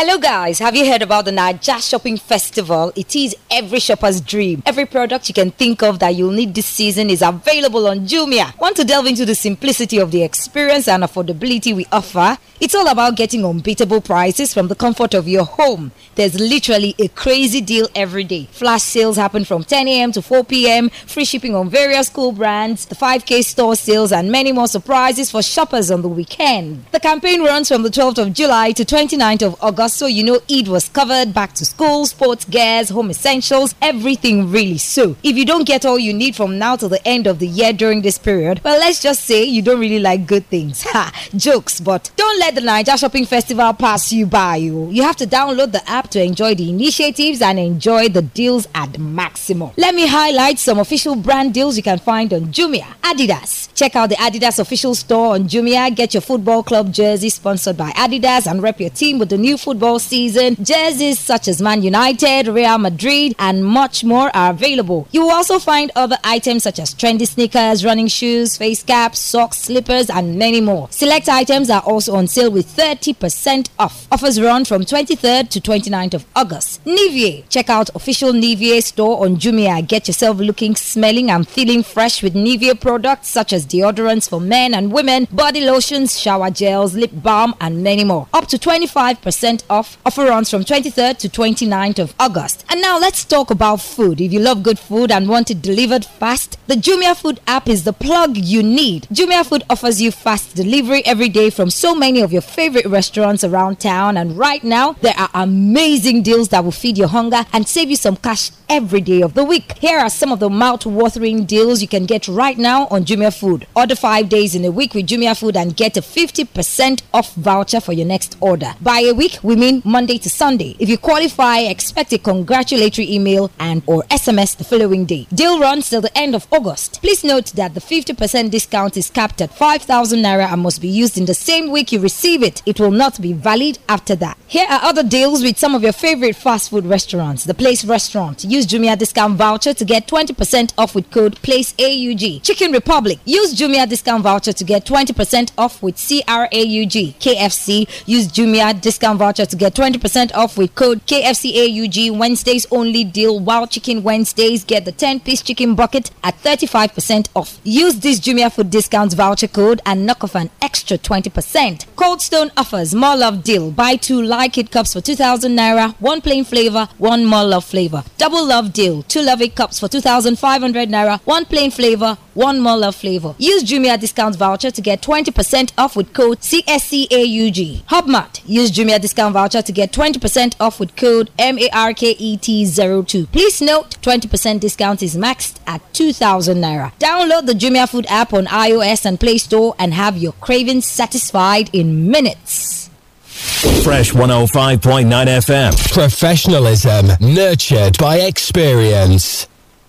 K: Hello guys, have you heard about the Naja Shopping Festival? It is every shopper's dream. Every product you can think of that you'll need this season is available on Jumia. Want to delve into the simplicity of the experience and affordability we offer? It's all about getting unbeatable prices from the comfort of your home. There's literally a crazy deal every day. Flash sales happen from 10 a.m. to 4 p.m., free shipping on various cool brands, the 5K store sales, and many more surprises for shoppers on the weekend. The campaign runs from the 12th of July to 29th of August so, you know, Eid was covered back to school, sports gears, home essentials, everything really. So, if you don't get all you need from now till the end of the year during this period, well, let's just say you don't really like good things. Ha! Jokes, but don't let the Niger Shopping Festival pass you by. You, oh. you have to download the app to enjoy the initiatives and enjoy the deals at maximum. Let me highlight some official brand deals you can find on Jumia. Adidas. Check out the Adidas official store on Jumia. Get your football club jersey sponsored by Adidas and rep your team with the new football season, jerseys such as Man United, Real Madrid, and much more are available. You will also find other items such as trendy sneakers, running shoes, face caps, socks, slippers, and many more. Select items are also on sale with 30% off. Offers run from 23rd to 29th of August. Nivier. Check out official Nivier store on Jumia. Get yourself looking, smelling, and feeling fresh with Nivier products such as deodorants for men and women, body lotions, shower gels, lip balm, and many more. Up to 25% event of runs from 23rd to 29th of August. And now let's talk about food. If you love good food and want it delivered fast, the Jumia Food app is the plug you need. Jumia Food offers you fast delivery every day from so many of your favorite restaurants around town. And right now, there are amazing deals that will feed your hunger and save you some cash every day of the week. Here are some of the mouth-watering deals you can get right now on Jumia Food. Order five days in a week with Jumia Food and get a 50% off voucher for your next order. Buy a week we mean Monday to Sunday. If you qualify, expect a congratulatory email and or SMS the following day. Deal runs till the end of August. Please note that the 50% discount is capped at 5,000 naira and must be used in the same week you receive it. It will not be valid after that. Here are other deals with some of your favorite fast food restaurants. The Place Restaurant. Use Jumia discount voucher to get 20% off with code PLACE AUG. Chicken Republic. Use Jumia discount voucher to get 20% off with CRAUG. KFC. Use Jumia discount voucher voucher to get 20% off with code KFCAUG Wednesdays only deal. Wild Chicken Wednesdays get the 10 piece chicken bucket at 35% off. Use this Jumia food discounts voucher code and knock off an extra 20%. Cold Stone offers more love deal. Buy two like it cups for 2000 naira, one plain flavor, one more love flavor. Double love deal. Two love it cups for 2500 naira, one plain flavor one more love flavor. Use Jumia discount voucher to get 20% off with code CSCAUG. Hubmart. Use Jumia discount voucher to get 20% off with code MARKET02. Please note 20% discount is maxed at 2000 naira. Download the Jumia Food app on iOS and Play Store and have your cravings satisfied in minutes.
H: Fresh 105.9 FM. Professionalism nurtured by experience.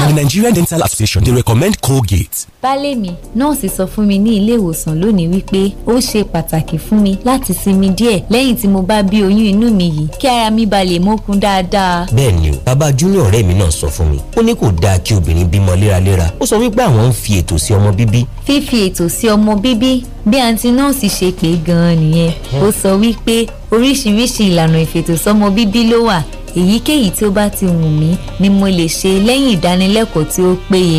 E: na the
F: Nigerian Dental Association dey recommend Colgate.
I: Baálé mi, nọ́ọ̀sì sọ fún mi ní ilé ìwòsàn lónìí wípé ó ṣe pàtàkì fún mi láti sinmi díẹ̀ lẹ́yìn tí mo bá bí oyún inú mi yìí kí ara mi ba lè mókun dáadáa.
E: Bẹ́ẹ̀ni o, bàbá Júnior ọ̀rẹ́ mi náà sọ fún mi, ó ní kò dáa kí obìnrin bímọ léraléra, ó sọ wípé àwọn ń fi ètò sí ọmọ bíbí
I: fífi ètò sí ọmọ bíbí bí àǹtí nọ́ọ̀sì ṣe pé gan-an nìyẹn ó sọ wípé oríṣiríṣi ìlànà ìfètòsọ́mọ bíbí ló wà èyíkéyìí tí ó bá ti wù mí ni mo lè ṣe lẹ́yìn ìdánilẹ́kọ̀ọ́ tí ó péye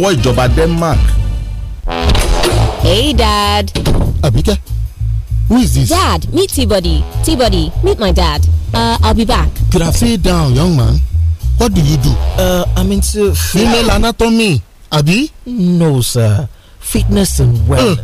E: lọ́wọ́ ìjọba Denmark.
N: Hey dad.
B: Abike, who is this?
I: Dad, meet T-Body. T-Body, meet my dad. Uh, I'll be back.
B: Could I sit down, young man? What do you do? Uh, i mean, Female
E: anatomy, Abi? No, sir. Fitness and uh, wellness. Uh,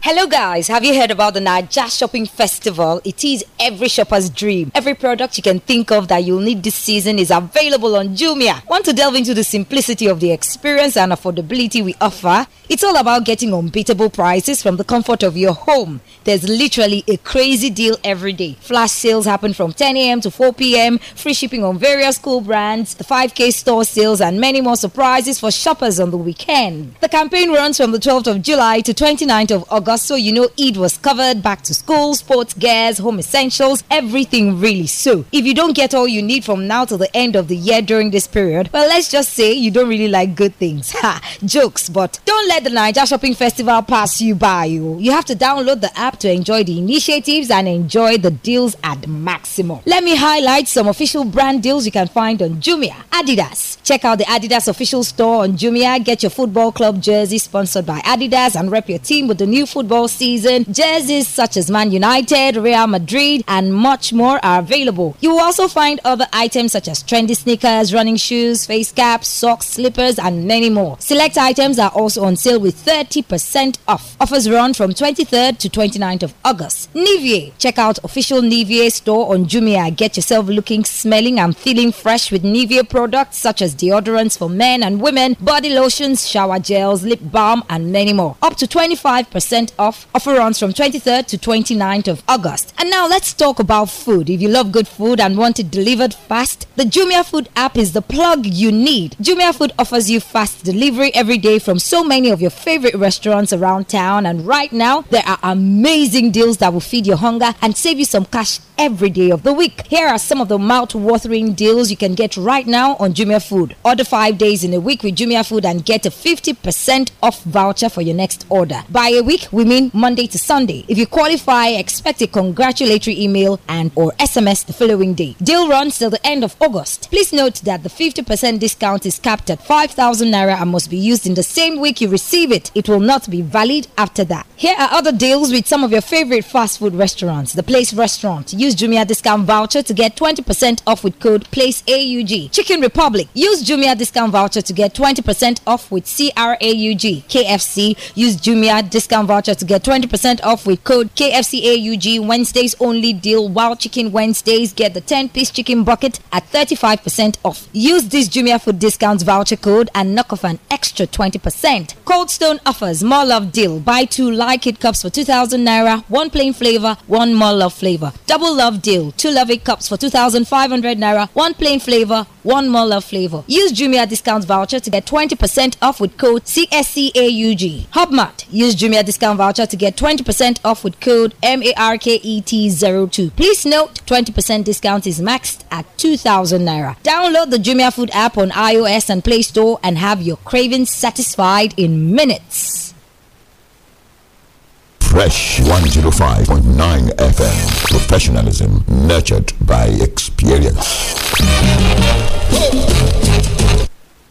K: Hello guys, have you heard about the Naja Shopping Festival? It is every shopper's dream. Every product you can think of that you'll need this season is available on Jumia. Want to delve into the simplicity of the experience and affordability we offer? It's all about getting unbeatable prices from the comfort of your home. There's literally a crazy deal every day. Flash sales happen from 10 a.m. to 4 p.m., free shipping on various cool brands, the 5K store sales, and many more surprises for shoppers on the weekend. The campaign runs from the 12th of July to 29th of August August. So, you know, Eid was covered back to school, sports gears, home essentials, everything really. So, if you don't get all you need from now till the end of the year during this period, well, let's just say you don't really like good things. Ha! Jokes, but don't let the Niger Shopping Festival pass you by. You. Oh. you have to download the app to enjoy the initiatives and enjoy the deals at maximum. Let me highlight some official brand deals you can find on Jumia. Adidas. Check out the Adidas official store on Jumia. Get your football club jersey sponsored by Adidas and rep your team with the new football football season, jerseys such as Man United, Real Madrid, and much more are available. You will also find other items such as trendy sneakers, running shoes, face caps, socks, slippers, and many more. Select items are also on sale with 30% off. Offers run from 23rd to 29th of August. Nivier. Check out official Nivier store on Jumia. Get yourself looking, smelling, and feeling fresh with Nivier products such as deodorants for men and women, body lotions, shower gels, lip balm, and many more. Up to 25% of of runs from 23rd to 29th of August. And now let's talk about food. If you love good food and want it delivered fast, the Jumia Food app is the plug you need. Jumia Food offers you fast delivery every day from so many of your favorite restaurants around town. And right now, there are amazing deals that will feed your hunger and save you some cash every day of the week. Here are some of the mouth-watering deals you can get right now on Jumia Food. Order five days in a week with Jumia Food and get a 50% off voucher for your next order. Buy a week we mean Monday to Sunday. If you qualify, expect a congratulatory email and or SMS the following day. Deal runs till the end of August. Please note that the 50% discount is capped at 5,000 naira and must be used in the same week you receive it. It will not be valid after that. Here are other deals with some of your favorite fast food restaurants. The Place Restaurant. Use Jumia discount voucher to get 20% off with code PLACE AUG. Chicken Republic. Use Jumia discount voucher to get 20% off with CRAUG. KFC. Use Jumia discount voucher voucher to get 20% off with code KFCAUG Wednesdays only deal Wild Chicken Wednesdays. Get the 10 piece chicken bucket at 35% off. Use this Jumia food discounts voucher code and knock off an extra 20%. Cold Stone offers more love deal. Buy two like it cups for 2000 naira, one plain flavor, one more love flavor. Double love deal. Two love it cups for 2500 naira, one plain flavor, one more love flavor. Use Jumia discount voucher to get 20% off with code CSCAUG. Hubmart. Use Jumia discount voucher to get 20% off with code MARKET02. Please note 20% discount is maxed at 2000 naira. Download the Jumia Food app on iOS and Play Store and have your cravings satisfied in minutes.
B: Fresh 105.9 FM. Professionalism nurtured by experience. Oh!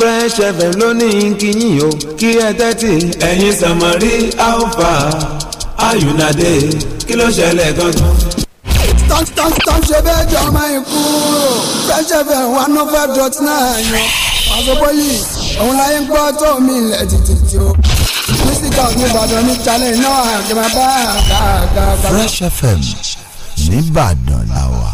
E: fresh fm lónìí kìyìn o kí ẹ tẹ́tì. ẹ̀yin sànmọ́rí alpha ayùnádé kí ló ṣẹlẹ̀ gangan.
G: tán tán tán ṣe bẹ́ẹ̀ jọ ọmọ ikú fresh fm one oh five dot nine àsopọ̀lì òun láyé ń gbọ́ tó mi ilẹ̀ títí o mísíkà òní ìbàdàn ní challenge náà àgbà bá àgbà àgbà. fresh
B: fm nìbàdàn làwà.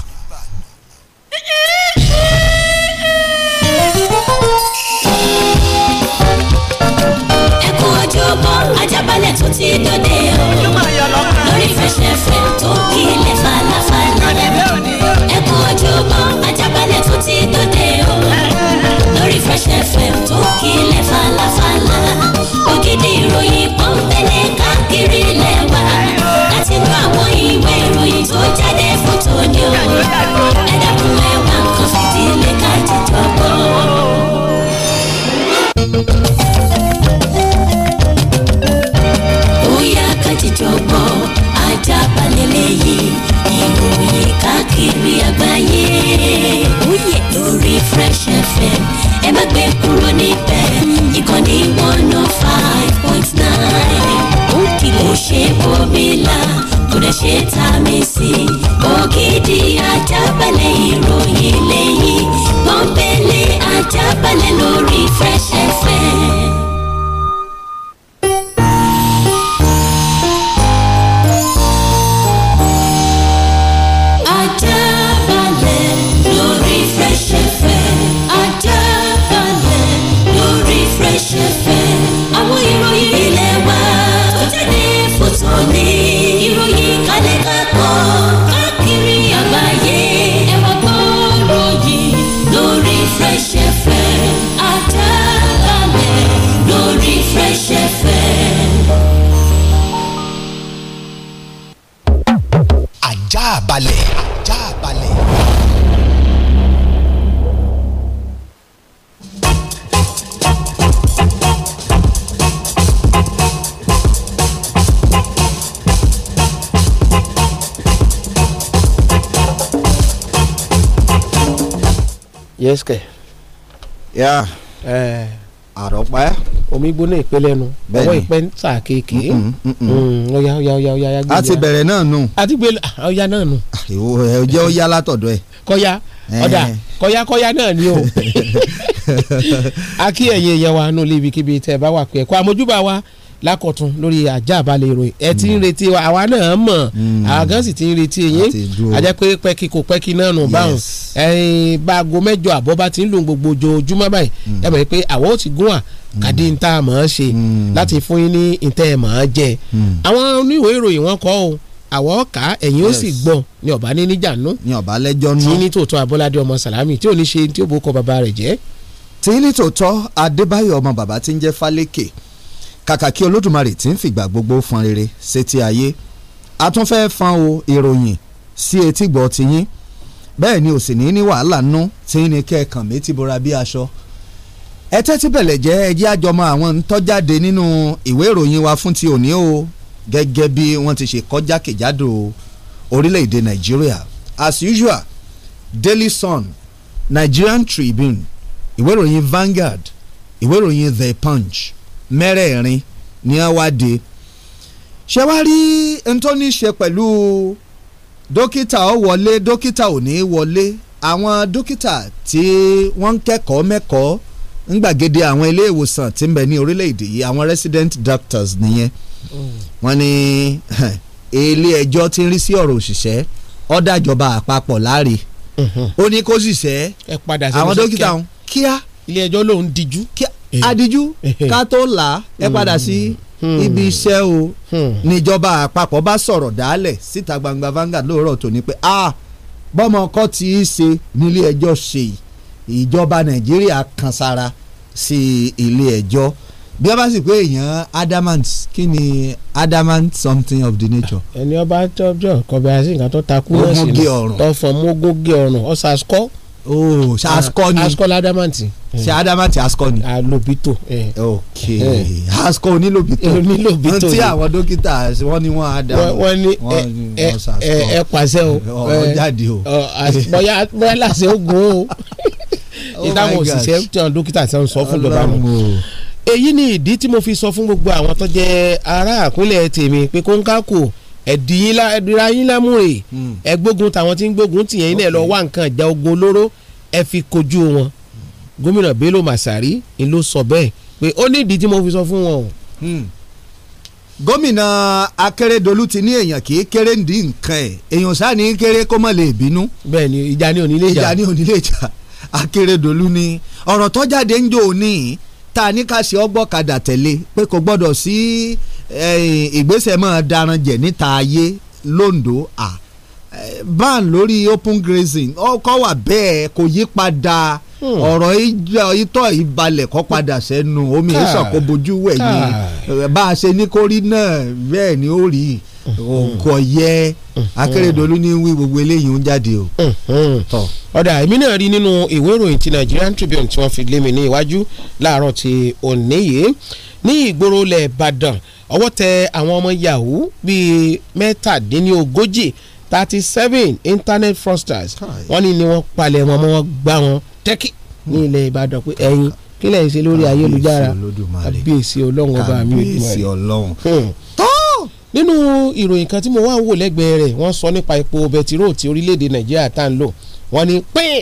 N: lọ́gbọ́n ajábalẹ̀ tó ti dòde o lórí fẹsẹ̀fẹ̀ tó kílẹ̀ falafala ẹkún ojúbọ ajábalẹ̀ tó ti dòde o lórí fẹsẹ̀fẹ̀ tó kílẹ̀ falafala ògidì ìròyìn pọ́ńpẹ́lẹ́ káàkiri lẹ́.
E: omi gbóná ìpè lẹ́nu ọwọ́ ìpè ń sà kéèké ọ̀yà ọ̀yà ọ̀yà ọ̀yà ọ̀yà gbẹ̀yà. a ti bẹ̀rẹ̀ náà nù. a ti gbé ọ̀yà ah, náà nù. Ah, ẹ jẹ́ ó yá látọ̀dọ̀ ẹ̀. kọ́yá eh. ọ̀dà kọ́yá oya o. a kí ẹ̀yin èèyàn wa nù lébi kíbi tẹ́ ẹ bá wà pé ẹ̀kọ́ àmójúbà wa lákọ̀tún lórí ajá balẹ̀ ìròyìn ẹ ti ń mm. retí wa àwa náà mọ̀ mm. àwa gan sì ti ń retí yín àjẹ́ pé pẹ́kí kò pẹ́kí náà nù báwọn ẹ̀yìn báago mẹ́jọ àbọ̀ bá ti ń lò gbogbo ojoojúmọ́ báyìí mm. ẹ bẹ̀rẹ̀ pé àwọ̀ ó ti gún à kàdí ń tá a mọ̀ ọ́ ṣe láti fún yín ní ìtẹ́ ẹ̀ mọ̀ ọ́ jẹ àwọn oníwèé ìròyìn wọn kọ́ o àwọ̀ ọ̀ka ẹ̀yìn ó sì gbọ́ ni ọ̀bá ní níjànú ni ọ̀bá lẹ́jọ́ nú tí ní tòótọ́ Abọ́ládé ọmọ Sàlámì tí ò ní ṣe tí ó bó kọ bàbá rẹ̀ jẹ́. tí ní tòótọ́ Adébáyọ̀ ọmọ bàbá ti ń jẹ́ Fálékè
O: kàkà kí olódùmarè tí ń fìgbà gbogbo fọn rere sétí ayé a tún fẹ́ fan o ìròyìn sí etígbọ̀ tiyín bẹ́ẹ̀ ni ò sì ní ní wàhálà nú tí ń ní kẹ́ẹ̀kan méjì bora bí aṣọ ẹ tẹ́tí bẹ̀lẹ̀ jẹ́ ẹjẹ́ àjọmọ àwọn ń tọ́jáde nínú ìwé ìròyìn wa fún ti òní o gẹ́gẹ́ bí wọ́n ti ṣe kọjá kejádò orílẹ̀-èdè nàìjíríà as usual Daily Sun Nigerian Tribune ìwé ìròyìn Vanguard ìwé ìròyìn The Punch mẹ́rẹ̀ẹ̀rin ni wọ́n wá dé ṣé wàá rí n tó ní í ṣe pẹ̀lú dókítà ó wọlé dókítà ò ní í wọlé àwọn dókítà tí wọ́n ń kẹ́kọ̀ọ́ mẹ́kọ̀ọ́ ń gbàgede àwọn ilé ìwòsàn tí ń bẹ ní orílẹ̀-èdè yìí àwọn resident doctors nìyẹn wọ́n ní ilé ẹjọ́ tí ń rí sí ọ̀rọ̀ òṣìṣẹ́ ọ̀dàjọba àpapọ̀ láre
E: ó ní kó ṣiṣẹ́ àwọn dókítà kíá ilé ẹjọ́ lòún díjú kíá Eh. adijú eh. ká tó là ẹ hmm. padà sí
O: hmm. ibi iṣẹ́ o hmm. níjọba àpapọ̀ bá sọ̀rọ̀ dálẹ̀ síta gbangba vangard lóòrọ̀ tòní pé ah bọ́mọ ọkọ tí í ṣe nílé ẹjọ́ ṣe ìjọba nàìjíríà kan sára sí ilé ẹjọ́ bí a bá sì pé
E: èèyàn adamant kí ni adamant something of the nature. ẹni ọba tọjọ kọbẹ àti nǹkan tó takú náà sí ni tọfọ mọgógé ọrùn ọsàskọ oh ṣe ah, asco eh. ah, eh. eh. ni asco ladamanti ṣe adamanti asco ni. alobito. ok asco onílobito onílobito ni tí àwọn
O: dókítà wọ́n ní wọ́n á dá wọ́n ní ẹ ẹ pàṣẹ o ọ jáde o
E: bóyá bóyá láṣẹ ogun o oh ìdáhùn òṣìṣẹ́ tí àwọn dókítà ti sọ fún ìjọba mu èyí ni ìdí tí mo fi sọ fún gbogbo àwọn tó jẹ́ ará àkúnlẹ̀ tèmi pé kó ń ká kò ẹ̀dìyìn ẹ̀dìra yín lámúre hmm. ẹ gbógun tàwọn tí ń gbógun tìyẹn iná ẹ lọ wá nǹkan ìjà ogun olóró ẹ fi kojú wọn gómìnà Bello Masari ni ló sọ bẹ́ẹ̀ pé ó ní ìdí tí mo fi sọ fún wọn o.
O: Hmm. gómìnà Akérèdọ́lù ti ní èèyàn kì í kéré ń di nǹkan ẹ̀ èèyàn sáà ní kéré kó má lè bínú. bẹ́ẹ̀ni ìjà ni onílé ìjà ìjà ni onílé ìjà Akérèdọ́lù ni ọ̀rọ̀ tó ń jò ní ta ní ká ṣe ọgbọ́kadà tẹ̀lé pé kò gbọ́dọ̀ sí. Si ìgbésẹ̀ máa daran jẹ̀ níta ayé londo à ban lórí open grazing ọkọ wà bẹ́ẹ̀ kò yí padà hmm. ọ̀rọ̀ itọ́ ìbalẹ̀ kọ́ padà sẹ́nu omi ìṣàkó bojú wẹ̀yìn bá a ṣe ní kórí náà bẹ́ẹ̀ ni ó rí i kò yẹ hmm. akérèdọ́lù ní wí gbogbo eléyìí ń jáde o.
N: Hmm,
E: ọ̀dà èmi náà rí nínú ìwé ìròyìn ti Nigerian Tribune tí wọ́n fi lé mi ní iwájú láàárọ̀ tí òní yìí ní ìgboro ilẹ̀ ọwọ́ tẹ àwọn ọmọ yahoo bíi mẹ́tàdínlógójì thirty seven internet fraudsters wọ́n ní ni wọ́n palẹ̀ wọn mọ́ wọ́n gbá wọn tẹ́kì ní ilẹ̀ Ìbàdàn pé ẹ̀yin kí lẹ́yìn ṣe lórí ayélujára kábíyèsí ọlọ́run ọba mi kábíyèsí ọlọ́run. Hmm. nínú ìròyìn kan tí mo wá wò lẹ́gbẹ̀ẹ́ rẹ̀ wọ́n sọ nípa epo bẹtiró ti orílẹ̀-èdè Nàìjíríà tá à lò wọ́n ní pín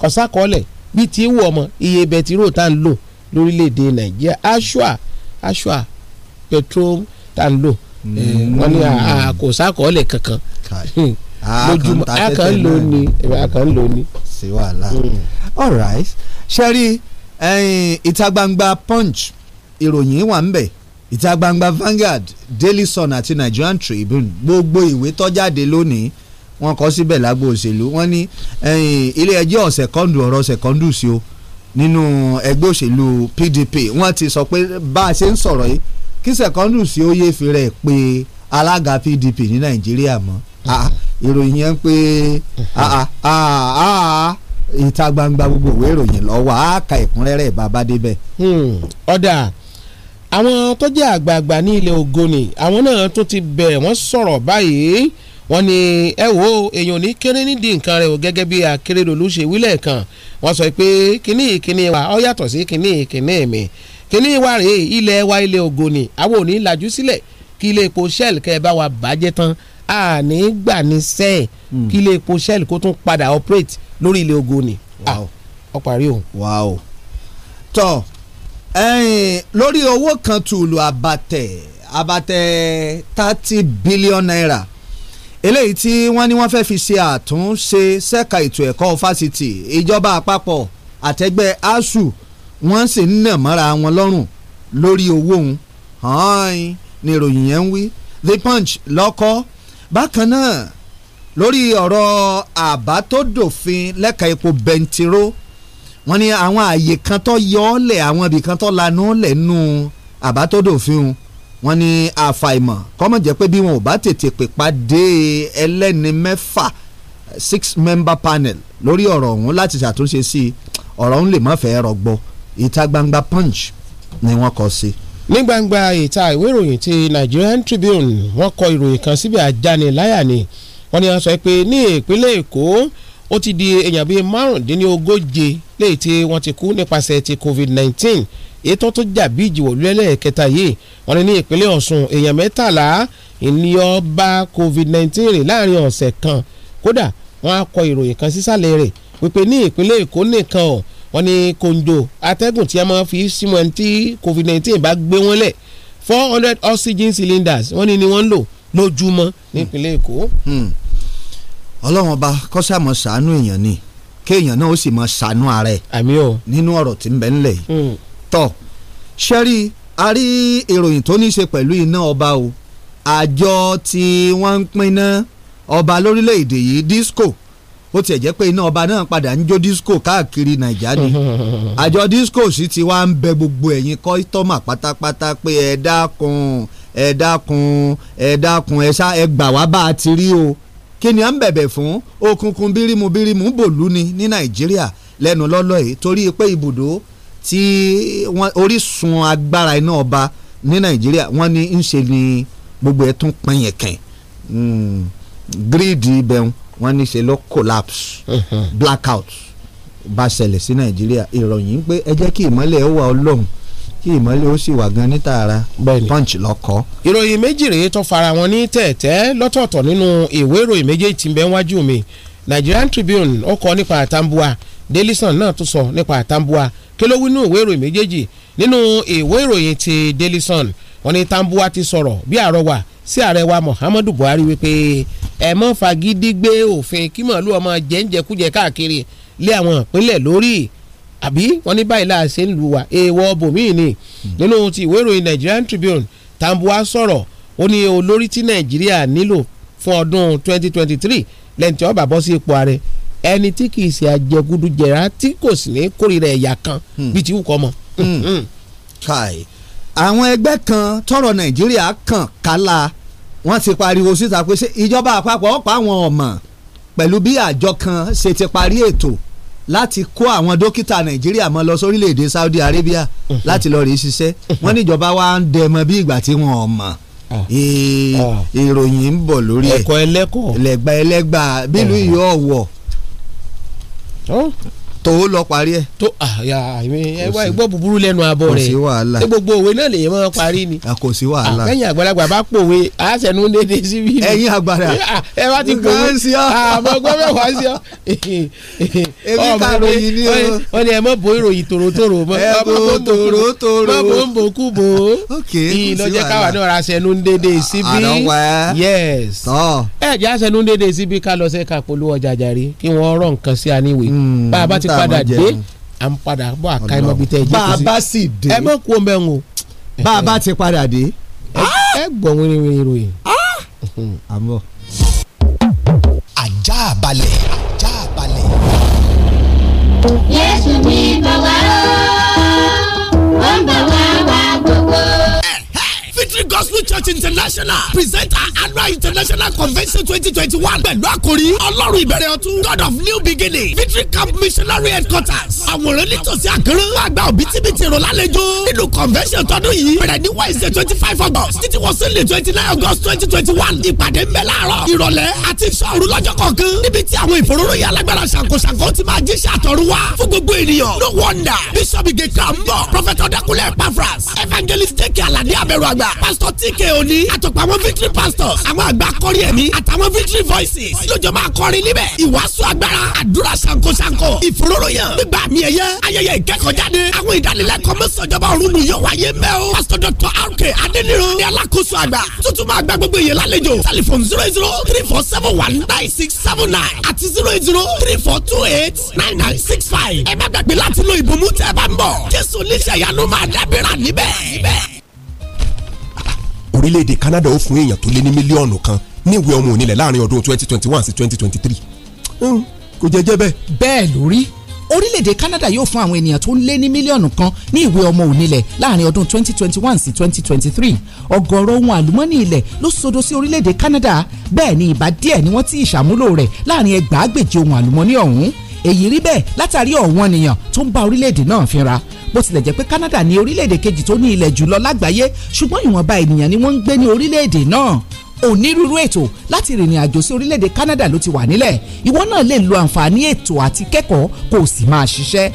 E: kọ̀sákọ́lẹ̀ bíi ti wù ọmọ iye bẹtiró tá à ń lò lórílẹ̀-èdè Nàìjíríà ashua ashua petrol tá n lò mm. eh, wọ́n ní kò sákọọ́lẹ̀ kankan hmm. lójúmọ́ a kàn ń lò ní a kàn ń lò ní. ṣé wàhálà hmm.
A: all
O: right ṣe rí ìta gbangba punch ìròyìn wà ń bẹ̀ ìta gbangba Vanguard Daily Sun àti Nigerian Tribune gbogbo ìwé tó jáde lónìí wọ́n kọ síbẹ̀ lágbo òṣèlú wọ́n ní ilé ẹjọ́ ṣẹ̀kọ́ndù ọ̀rọ̀ ṣẹ̀kọ́ndù sí o nínú ẹgbẹ́ òṣèlú PDP wọ́n ti sọ pé bá a ṣe ń sọ̀rọ̀ yìí kí Secondus ó yé fi rẹ̀ pé alága PDP ní Nàìjíríà mọ́ ah, ah, ìròyìn yẹn pé ah, ìta gbangba gbogbo
E: ìwé ìròyìn lọ́wọ́ á ka ẹ̀kúnrẹ́rẹ́ bàbá débẹ̀. Hmm, ọ̀dà àwọn tó jẹ́ àgbààgbà ní ilẹ̀ Ògoni àwọn náà tó ti bẹ̀ wọ́n sọ̀rọ̀ báyìí wọ́n ní ẹ wo èèyàn ní kéré nídìí nǹkan rẹ̀ o gẹ́gẹ́ bí Akérédolú ṣe wílẹ̀ kan wọ́n sọ pé kínní ìkínní wa ó yàtọ̀ sí kínní ìkínní mi kíní wa ilé ilẹ̀ wa ilẹ̀ ògo àwọn ò lajú sílẹ̀ kí ilé epo shell kẹ́ ẹ bá wa bàjẹ́ tán àní gbà ní sẹ́ẹ̀ hmm. kí ilé epo shell kó tún padà operate lórí ilẹ̀ ògo ni ọ parí o. wàá tọ lórí owó kan tùlù
O: àbàtẹ àbàtẹ thirty billion naira eléyìí tí wọ́n ní wọ́n fẹ́ fi ṣe àtúnṣe ṣẹ́ka ètò ẹ̀kọ́ fásitì ìjọba àpapọ̀ àtẹgbẹ́ asuu wọ́n sì ń nà mọ́ra wọn lọ́rùn lórí owó òun hàn ni ìròyìn yẹn ń wí The Punch lọ́kọ́ bákan náà lórí ọ̀rọ̀ àbá tó dòfin lẹ́ka epo bẹntiró wọ́n ní àwọn àyè kan tó yọ ọ́ lẹ̀ àwọn ibì kan tó lanú lẹ̀ nù àbá tó dòfin o wọ́n ní àfàìmọ̀ kọ́mọ̀ jẹ́ pé bí wọn ò bá tètè pè pàdé ẹlẹ́ni mẹ́fà six member panel lórí ọ̀rọ̀ ọ̀hún láti ṣàtúnṣe sí
E: ọ̀rọ̀ ọ̀hún lè má fẹ́ rọgbọ ìta gbangba punch ni wọ́n kọ sí. ní gbangba ìta ìwé ìròyìn ti Nigerian Tribune wọ́n kọ ìròyìn kan síbi àjániláyà ni wọ́n ní wọ́n sọ pé ní ìpínlẹ̀ Èkó ó ti di èèyàn bíi márùndínlógóje léyìí tí wọ́n ti kú nípasẹ̀ ti covid nineteen ètò tó jà bí ìjìwò lẹ́lẹ̀ kẹta yìí wọ́n ní ní ìpínlẹ̀ Ọ̀ṣun èèyàn mẹ́tàlá ènìyàn bá covid nineteen rìn láàrin ọ̀sẹ̀ kan kódà wọ́n á kọ ìròyìn kan sísàlẹ̀ rẹ̀ wípé ní ìpínlẹ̀ Èkó nìkan ọ̀ wọ́n ní konjo atẹ́gùn tí a máa fi símọ́ ẹni tí covid nineteen bá gbé wọn lẹ̀ four hundred oxygen cylinders wọ́n ní ni wọ́n ń lò lójúmọ́ nípínlẹ̀ hmm. èkó. Hmm.
O: ọlọ́run ọba kọ́sàmọ̀ ṣàánú èèyàn ni kéèyàn náà ó sì mọ̀ ṣàánú ara nínú ọ̀rọ̀ tí ń bẹ ńlẹ̀ yìí hmm. tọ́ ṣẹ́rí a rí ìròyìn tó ní í ṣe pẹ̀lú iná ọba o àjọ tí wọ́n ń pinná ọba lórílẹ̀‐èdè yìí disco bó tiẹ̀ jẹ́ pé iná ọba náà padà ń jó disco káàkiri nàìjà ni àjọ disco sì ti wá ń bẹ gbogbo ẹ̀yin kọ́tọ́mà pátápátá pé ẹ dákun ẹ dákun ẹ dákun ẹ ṣá ẹ gbà wá bá a ti rí o kí ni à ń bẹ̀bẹ̀ fún òkùnkùn bírímù bírímù bòlú ni ní nàìjíríà lẹ́nu lọ́lọ́ yìí torí pé ibùdó tí wọ́n orísun agbára iná ọba ní nàìjíríà wọ́n ní ń ṣe ni gbogbo ẹ̀ tún pẹ́yẹ̀kẹ̀ hmm, gíríìdì ibẹ̀ wọn wọ́n ní ṣe lọ collapse mm-hmm. blackout bá ṣẹlẹ̀ sí nàìjíríà ìròyìn pé ẹ jẹ́ kí ìmọ́lẹ̀ ó wà ọlọ́run kí ìmọ́lẹ̀ ó sì wà gan ní tààrà punch lọ́kọ́.
E: ìròyìn méjì rèé tó fara wọn ní tẹ̀tẹ́ lọ́tọ̀ọ̀tọ̀ nínú ìwé ìròyìn méjèèjì tí ń bẹ wájú mi Nigerian Tribune ó kọ nípa àtàǹbùà Daily Sun náà tún sọ nípa àtàǹbùà kí ló wí nínú ìwé ìròyìn méjèèjì nínú ìwé ìròyìn ti Daily Sun wọ́n ní tàǹbùà ti sọ̀rọ̀ bí àrọwà sí ààrẹ wa Muhammadu Buhari wípé ẹ mọ́ fagídí gbé òfin kí màálù ọmọ jẹ́ńjẹkújẹ káàkiri lé àwọn ìpínlẹ̀ lórí àbí wọ́n ní báyìí láà ṣe ń lù wá èèwọ̀ bòmíì ni hmm. nínú ti ìwé ìròyìn Nigerian Tribune Tambuwa sọ̀rọ̀ ó ní olórí tí Nàìjíríà nílò fún ọdún 2023 lẹ́yìn tí ó bá bọ́ sí ipò ààrẹ ẹni tí kì í ṣe àjẹgúdújẹrá tí kò sì ní kórìíra ẹ̀yà kan hmm. bíi ti wù mọ́. Hmm. àwọn ẹgbẹ́
O: kan tọrọ Nàìjíríà kàn kálá wọ́n ti pariwo síta pé ṣé ìjọba àpapọ̀ ọ̀pọ̀ àwọn ọ̀mọ̀ pẹ̀lú bí àjọ kan ṣe ti parí ètò láti kó àwọn dókítà nàìjíríà mọ́ lọ sórílẹ̀‐èdè Saudi Arabia láti lọ rèé ṣiṣẹ́ wọ́n níjọba wa ń dẹmọ bí ìgbà tí wọ́n ọ̀mọ̀ ah. ah. ìròyìn ń bọ̀ lórí ẹ̀ ẹ̀kọ́ ẹlẹ́kọ̀ọ́
E: lẹ́gbàá ẹlẹ́gbàá bílùú ìyọ́ ọ̀wọ̀ oh tòun lọ parí ẹ. tó àyà ẹ wá ìgbọ́ búburú lẹ́nu abọ́ rẹ̀ kò sí wàhálà ṣé gbogbo òwe náà lèyìn máa parí ni. kò sí wàhálà àkẹ́yìn àgbàlagbà bá pòwe àṣẹnu dédé síbí. ẹ̀yin àgbàrà ẹ bá ti pòwe nǹkan sí ọ. àmọ́ gbọ́ bẹ́ẹ̀ wá sí ọ. èmi kà ròyìn ni o. wọ́n ní ẹ mọ̀ bó ìròyìn tòrótòró mọ́. ẹ bó tòrótòró. mọ̀ bó ń bò kú bò ó. ìlọjẹ káwa náà ra yes. ẹ jẹ́ àṣẹnu dédé síbí ká lọ sẹ́ka polówó jàjàrí kí wọ́n rọ̀ nǹkan sí àníwèé. Hmm. bá a bá padà dé à ń padà bọ̀ àká ẹmọ bíi tẹ́ ẹ jẹ́ kó sí. sì dé ẹ mọ̀ kú ọmọ ẹ̀ o. bá ti padà dé. ẹ gbọ́ wíníwíní ròyìn. Ah! àmọ́. ajá balẹ̀ ajá balẹ̀. Jésù
F: ní bàbá. gospel church international present our annual international convention 2021. twenty one pẹ̀lú àkòrí ọlọ́run ìbẹ̀rẹ̀ ọ̀tun god of new beginning victory camp missionary headquarters àwòrán nítòsí àkérò wọ́n àgbà òbítíbitì rò lálejò nínú convention tọdún yìí bẹ̀rẹ̀ ní wednesday twenty five august títí wọ́n sí lè twenty nine august twenty twenty one ìpàdé ń bẹ láàárọ̀ ìrọ̀lẹ́ àti sọ́ọ̀rù lọ́jọ́ kọ̀ọ̀kan níbi tí àwọn ìfòròròyìn alágbára ṣàǹkóṣàǹkó ti máa jíṣẹ́ àtọ̀run wá fún gbogbo ènìyàn no wonder bishop igeka ń bọ̀ prophet ọ̀dẹ́kunlé pafras evangelist jẹ́kẹ́ aládé abẹ́rù àgbà pastor tk òní àtọ̀pọ̀ victory pastors àwọn àgbà akọrin ẹ̀mí àtàwọn victory voices lójó máa kọrin níbẹ̀ ìwàásù agbára àdúrà ṣankoṣanko ìfòròròyàn gbígbà àmì ẹ̀yẹ ayẹyẹ ìkẹ́kọ̀jáde àwọn ìdánilẹ́kọ̀ọ́ mẹ́sànjọba ọ̀run ni yóò wáyé mẹ́ o pastor dr rk adeniran ní alákòóso àgbà tuntun máa gba gbogbo ìyẹn lálejò telephone zero zero three four seven one nine six seven nine àti zero zero three four two eight nine nine six five ẹ má gbàgbé láti lo ìbomú tẹ́ ẹ bá ń bọ̀ jésù oníṣẹ́ ìyanu máa dábìrà níbẹ̀
E: orílẹ̀-èdè Canada ó fún èèyàn tó lé ní mílíọ̀nù kan ní ìwé ọmọ onílẹ̀ láàrin ọdún twenty twenty one sí twenty twenty three hmm, kò jẹ́ bẹ́ẹ̀. bẹ́ẹ̀ lórí orílẹ̀-èdè Canada yóò fún àwọn ènìyàn tó ń lé ní mílíọ̀nù kan ní ìwé ọmọ onílẹ̀ láàrin ọdún 2021 sí 2023 ọ̀gọ̀ọ̀rọ̀ ohun àlùmọ́nì ilẹ̀ ló sodo sí orílẹ̀-èdè Canada bẹ́ẹ̀ ni ìbá díẹ̀ ni wọ́n ti ìṣàmúlò rẹ̀ láàrin ẹgbàágbèje ohun àlùmọ́nì ọ̀hún èyí rí bẹ́ẹ̀ látàrí ọ̀wọ́n ènìyàn tó ń bá orílẹ̀-èdè náà fínra bó tilẹ̀ jẹ́ pé Canada ní orílẹ̀-èdè kejì tó ní ilẹ̀ jùlọ lágbàáyé ṣùgbọ́n ìwọ̀nba ènìyàn ni wọ́n ń gbé ní orílẹ̀-èdè náà onírúurú ètò láti rìnrìn àjò sí orílẹ̀-èdè Canada ló ti wà nílẹ̀ ìwọ náà lè lo àǹfààní ètò àti kẹ́kọ̀ọ́ kó o sì máa ṣiṣẹ́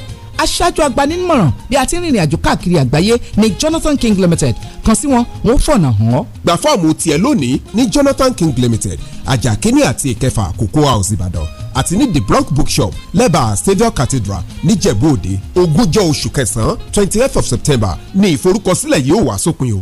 E: aṣáájú agbanímọ̀ràn bí a ti ń rìnrìn àjò káàkiri àgbáyé ní Jonathan King Limited kàn sí wọn wọn fọ̀nà hàn án. gba fọ́ọ̀mù tiẹ̀ lónìí ní Jonathan King Limited ajakini àti ìkẹfà Cocoa House Ìbàdàn àti ní the Bronx bookshop lẹ́bàá Saviour Cathedral níjẹ̀bú òde ogúnjọ́ oṣù kẹsàn-án twenty eight of September ni ìforúkọsílẹ̀ yìí ó wà sópin o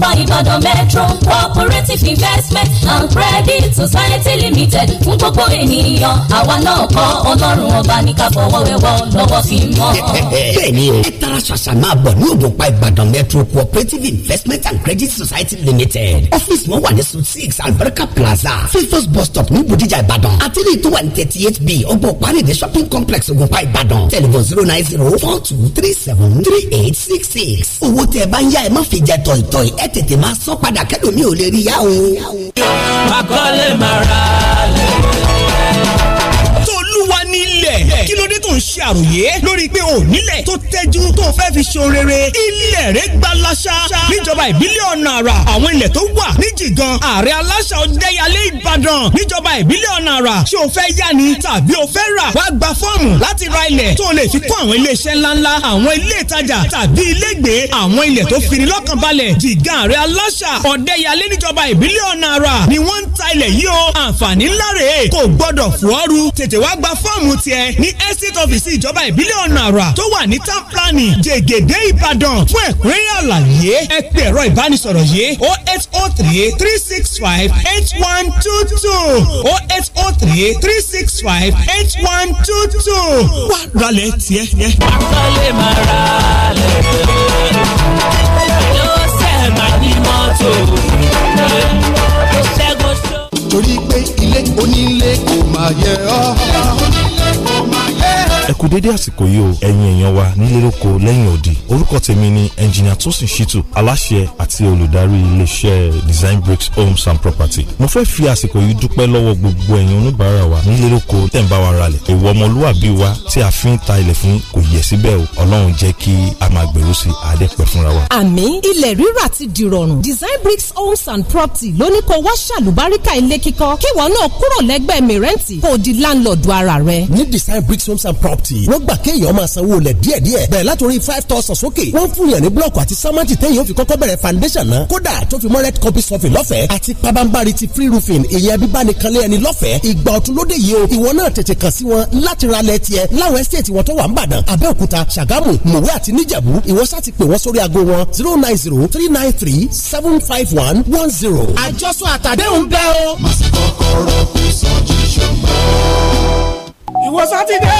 I: by
N: Ìbàdàn Metro Cooperative Investment and Credit Society Limited fún
I: gbogbo ènìyàn àwa náà kọ́ ọlọ́run ọba ní ká fọwọ́ wẹwọ́ lọ́wọ́ fi mọ́. bẹ́ẹ̀ni o ẹ tara
L: ṣàṣà máa bọ̀ ní ògùnpá Ìbàdàn Metro Cooperative
I: Investment and Credit
F: Society Limited ọ́fíìsì wọn wà ní sun six Alberca Plaza fifos bus stop ní Bódìjà
G: Ìbàdàn àti ní ìtọ́wà ní thirty eight b ọgbọ̀n the shopping complex ògùnpá Ìbàdàn Telephone zero nine zero four two three seven three eight six six owó tẹ ẹ bá ń yá ẹ má fi jẹ tọ̀ìtọ̀ì ẹ tètè
F: máa san padà kẹ́lòmí ò lè rí yá o. Makọ́lé màrà. ń ṣe àròyé lórí pé onílẹ̀ tó tẹ́jú tó fẹ́ fi ṣe orere ilé rẹ̀ gbalasa níjọba ìbílẹ̀ ọ̀nà àrà àwọn ilẹ̀ tó wà ní jìgan ààrẹ aláṣà ọ̀dẹ́yàlẹ̀ ìbàdàn níjọba ìbílẹ̀ ọ̀nà àrà ṣé o fẹ́ yá ni tàbí o fẹ́ rà wá gba fọ́ọ̀mù láti ra ilẹ̀ tó lè fi kọ́ àwọn iléeṣẹ́ ńláńlá àwọn ilé ìtajà tàbí ilégbè àwọn ilẹ̀ tó fini lọ́kànbalẹ̀ jìgan ààrẹ aláṣà ọ̀dẹ́yàlẹ̀ níjọba ìbílẹ̀ ọ̀nà ni wọ́n ta ilẹ̀ yìí o àǹfààní ńlá rèé kò gbọ́dọ̀ fòọ́ru tètè wá gba fọ́ọ̀mù tiẹ̀ ní estate office ìjọba ìbílẹ̀ ọ̀nà àrà tó wà ní town planning jẹ̀gẹ̀dẹ̀ ìbàdàn fún ẹ̀kúnrẹ́rẹ́ àlàyé ẹ pè ẹ̀rọ ìbánisọ̀rọ̀ yìí o oh eight o oh three three six five eight one two two o oh eight o three three six five eight one two two wà rálẹ̀ tiẹ̀ yẹ. àkọlé
N: máa ra lẹ̀ lọ́sẹ̀
F: máa ní mọ́tò torí pé ilé onílé
A: kò máa yẹ ọ́
E: ẹ kú dédé àsìkò yìí o ẹ̀yin èèyàn wa nílé lóko lẹ́yìn òdì orúkọ tèmi ni ẹnjìnìà Tosin Shitu aláṣẹ àti olùdarí
D: iléeṣẹ́ Design Bricks Homes and Property
E: mo fẹ́ fi àsìkò yìí dúpẹ́ lọ́wọ́ gbogbo ẹ̀yin oníbàárà wa nílé lóko tẹ̀ ń bá wa ralẹ̀ èwo ọmọlúwàbí wa tí a fi ń ta ilẹ̀ fún kò yẹ síbẹ̀ o ọlọ́run jẹ́ kí a máa gbèrú sí adé pẹ́ fúnra wa.
I: àmín ilẹ̀ rírà ti dìrọ̀rùn Design Bricks Homes and Property ló ní kó wá ṣàlùbáríkà ilé kíkọ́ kíwọ náà kúrò lẹ́gbẹ̀ẹ́ mìrẹ́ǹtì kó di Design Bricks Homes and Property property wọ́n gbà kéèyàn máa sanwó lẹ̀
E: díẹ̀díẹ̀ bẹ̀rẹ̀ látòrí five thousand sókè wọ́n fún yàn ní blọ́ọ̀kù àti sámẹ́ǹtì téèyàn fi kọ́kọ́ bẹ̀rẹ̀ foundation náà kódà tó fi mọ́ red copy sọ́fìn lọ́fẹ̀ẹ́ àti pabambari ti free roofing ìyẹn bíbánikanlé ẹni lọ́fẹ̀ẹ́ ìgbà ọ̀tún lóde yìí o ìwọ náà tètè kàn sí wọn láti ra lẹ̀ tiẹ̀ láwọn estate wọn tó wà ń bàdàn abẹ́òkúta ṣàgámù mòwe àti níjẹ̀bú ìwọ sá ti pè wọ́n sórí aago wọn zero nine zero three nine three seven
F: five one one zero.
E: àjọsọ àtàdéhùn bẹ́ẹ̀ o. màsí kọ́kọ́rọ́
F: kù sọ́jú
A: ṣùgbọ́n.
G: ìwọ sátidé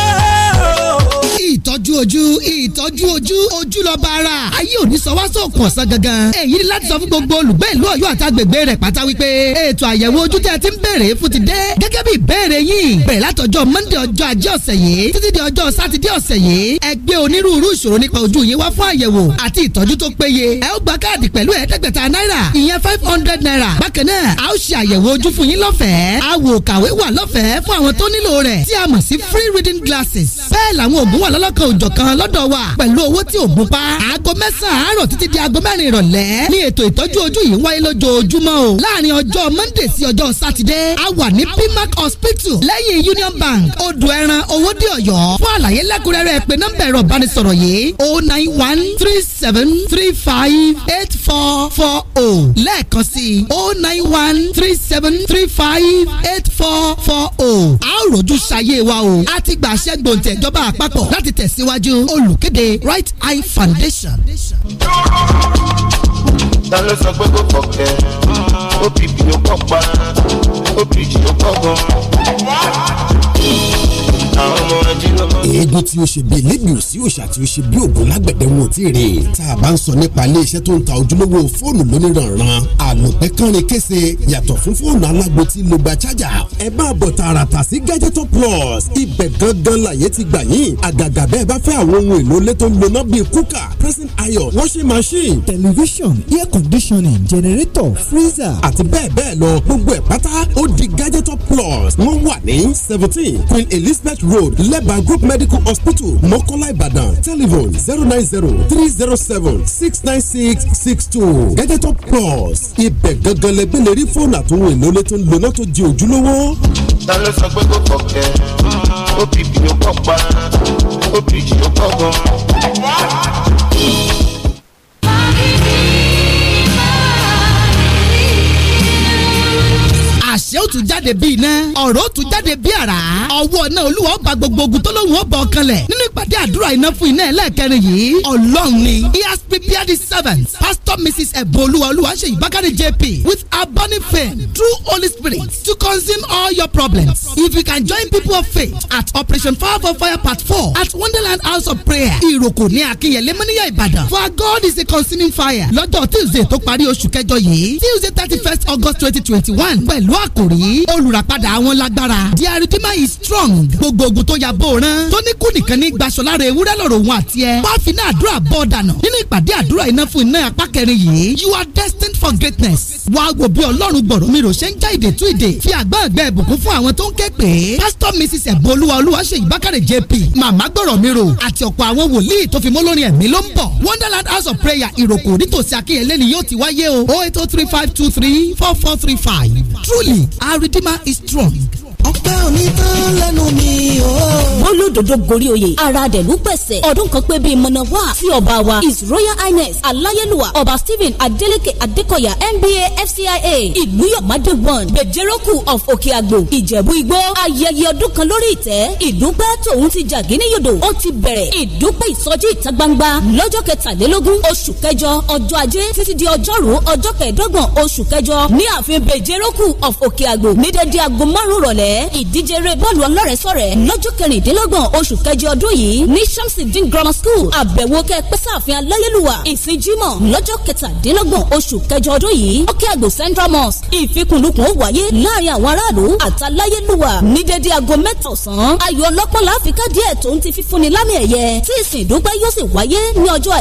G: ìtọ́jú ojú ìtọ́jú ojú ojú lọ́ba ara ayé òní sọ wá sóòkùn ọ̀sán gangan èyí ni láti sọ fún gbogbo olùgbé ìlú ọ̀yọ́ àti agbègbè rẹ̀ pátá wípé ètò àyẹ̀wò ojú tẹ́ ẹ ti ń bèrè fún ti dé gẹ́gẹ́ bí ìbéèrè yìí bẹ̀rẹ̀ látọjọ́ monday ọjọ́ ajé ọ̀sẹ̀ yìí títí di ọjọ́ sátidé ọ̀sẹ̀ yìí ẹ gbé onírúurú ìṣòro nípa ojú yín wá fún àyẹ̀wò àti ìtọ́jú tó péye ẹ ó gba káàdì pẹ̀lú ẹ̀ẹ́dẹ́gbẹ̀ta náírà ìyẹn five hundred naira bákan náà a ó ṣe àyẹ̀wò ojú fún yín lọ́fẹ̀ẹ́ àwòkàwé wà lọ́fẹ̀ẹ́ fún àwọn tó nílò rẹ̀ tí a mọ̀ sí free reading glasses bẹ́ẹ̀ làwọn òògùn wà lọ́lọ́kan òjọ̀ kan lọ́dọ̀ wa pẹ̀lú owó tí ò mú pa. aago mẹ́sàn-án àárọ̀ títí di aago mẹ́rin ìrọ̀lẹ́ ni ètò ìtọ́jú ojú yìí wáyé lójoojúmọ́ o. láàrin ọjọ́ monday sí ọjọ́ sátidé a wà ní primark hospital lẹ́yìn union bank odò ẹran owó dé ọ̀yọ́. fún àlàyé lẹ́kùnrẹ́rẹ́ pé nọ́mbà ẹ̀rọ ìbánisọ̀rọ̀ yìí o oh nine one three seven three five eight four four o oh. lẹ́ẹ̀kan sí o oh nine one three seven three five eight four four o. a ó rojú ṣayé wa o. a ti gbàṣẹ́ gbòǹtẹ̀ ìjọba àpapọ̀ láti tẹ̀síwájú olùkéde Right Eye Foundation.
B: ta ló sọ pé
E: kó fọkẹ́ OPP ló kọ́ pa OPG ló kọ́ gan.
D: àwọn ọmọ ẹjí
E: eégún tí ó ṣe bíi lẹ́gbẹ̀ẹ́ sí òòṣà tí ó ṣe bíi ògùn lágbẹ̀dẹ wọn ò tí ì rè tá a bá ń sọ nípa ilé iṣẹ́ tó ń ta ojúlówó fóònù lóníranran àlòpẹ́ kánrin kése yàtọ̀ fún fóònù alágbo tí ló gba chájà ẹ máa bọ̀ tààràtà sí gadgetor plus ibẹ̀ gangan láyé ti gbà yín àgàgà bẹ́ẹ̀ bá fẹ́ àwọn ohun èlò ilé tó ń lona bíi kúkà pressing iron washing machine television air conditioning generator freezer àti bẹ́ẹ̀ bẹ́ẹ̀ lọ gbogbo ẹ̀ pátá ó di gadgetor plus wọ́n wà ní seventeen Queen Elizabeth Road lẹ́bàá group medical medical hospital mọ́kọ́lá ìbàdàn telephone zero nine zero three zero seven six nine six six two gẹ́gẹ́tọ̀ plus ibẹ̀ gangan lẹgbẹ́ lè rí fóònù àtúnwò ìnáwó tó ń lò náà tó di ojúlówó. ta ló sọ pé kò kọ̀kẹ́ ó bìbì ó kọ̀ pa ó bìbì ó kọ̀ gan.
G: àṣẹ ó tún jáde bíi iná ọ̀rọ̀ ó tún jáde bíi àrá ọwọ́ náà olúwa ó gbogbo ogun tó lóhùn ó bọ̀ kanlẹ̀ nínú ìpàdé àdúrà iná fún iná ẹlẹ́ẹ̀kẹrin yìí ọlọ́run ni he has prepared his servants pastor mrs ẹ̀bùnolúwa olúwaṣeyì bákàrẹ̀ jp with abundant faith through holy spirit to consume all your problems if you can join people of faith at operation fire for fire part four at wonderland house of prayer ìrókò ní akínyẹlé mọ́níyà ìbàdàn for god is a consuming fire lọ́jọ́ tuesday tó parí oṣù kẹjọ yìí tuesday thirty first august twenty twenty one pẹ̀lú àkó kò rí olùràpadà àwọn lágbára diarudima is strong gbogbo oògùn tó ya bó rán tóníkù nìkan ní gbaṣọlára ewúrẹ́ lọ́rọ̀ òun àti ẹ wá fi náà àdúrà bọ́ dànù nínú ìpàdé àdúrà iná fún iná apá kẹrin yìí you are destined for greatness wá wò bí ọlọ́run gbọ̀rọ̀ mi rò ṣe ń já ìdè tú ìdè fi àgbà ẹgbẹ́ fún àwọn tó ń ké pé pásítọ̀ mrs ẹ̀bùnolúwa olúwaṣeyì bákàrẹ̀ jp màmá gbọ̀rọ̀ mi rò àti ọ̀pọ̀ àwọn wòlíì tó fi mọ́lórin ẹ̀mí ló ń bọ̀ wonderland house of prayer ìròkò nítòsí akínyẹlé ni yóò ti wáyé o oh eight oh three five two three four four three five
I: truly Our Redeemer is strong ọpẹ́ òní tán lẹ́nu mi o. bólúdodo gorí oyè ara rẹ̀ ló pẹ̀sẹ̀ ọdún kan pé bíi mọ̀nàwá tí ọba wa his royal highness aláyélúwà ọba stephen adeleke adekoya mba fcia ìlúyọ̀mádé one gbèdérókù of òkè àgbò ìjẹ̀bú igbó ayẹyẹ ọdún kan lórí ìtẹ́ ìdúpẹ́ tòun ti jàgínní yòdò ó ti bẹ̀rẹ̀ ìdúpẹ́ ìsọjí ìta gbangba lọ́jọ́ kẹtàlélógún oṣù kẹjọ ọjọ́ ajé títí di ọjọ́rú ọjọ́ kẹẹ̀dọ́gbọ̀n oṣù kẹjọ ní ààfin gbèdérókù of òkè àgbò ní dédé aago ọ̀rẹ́ ìdíje eré bọ́ọ̀lù ọlọ́rẹ̀ẹ́sọ̀rẹ́ lọ́jọ́ kẹrìndínlọ́gbọ̀n oṣù kẹjọ ọdún yìí ní Shamsidin Grammar School àbẹ̀wò kẹ́ẹ̀pẹ́ sáàfin alẹ́lẹ́lùwà ìsìn Jímọ̀ lọ́jọ́ kẹtàdínlọ́gbọ̀n oṣù kẹjọ ọdún yìí ọkẹ́ àgbò Central Mosque ìfikùnlukùn ó wáyé láàrin àwọn aráàlú àtàláyélùwà ní dédé aago mẹ́ta ọ̀sán ayọ̀ ọlọ́pọ́n láfíkà díẹ̀ tó ń ti fífúnni lámì ẹ̀yẹ tí ìsìn ìdúpẹ́ yóò sì wáyé ní ọjọ́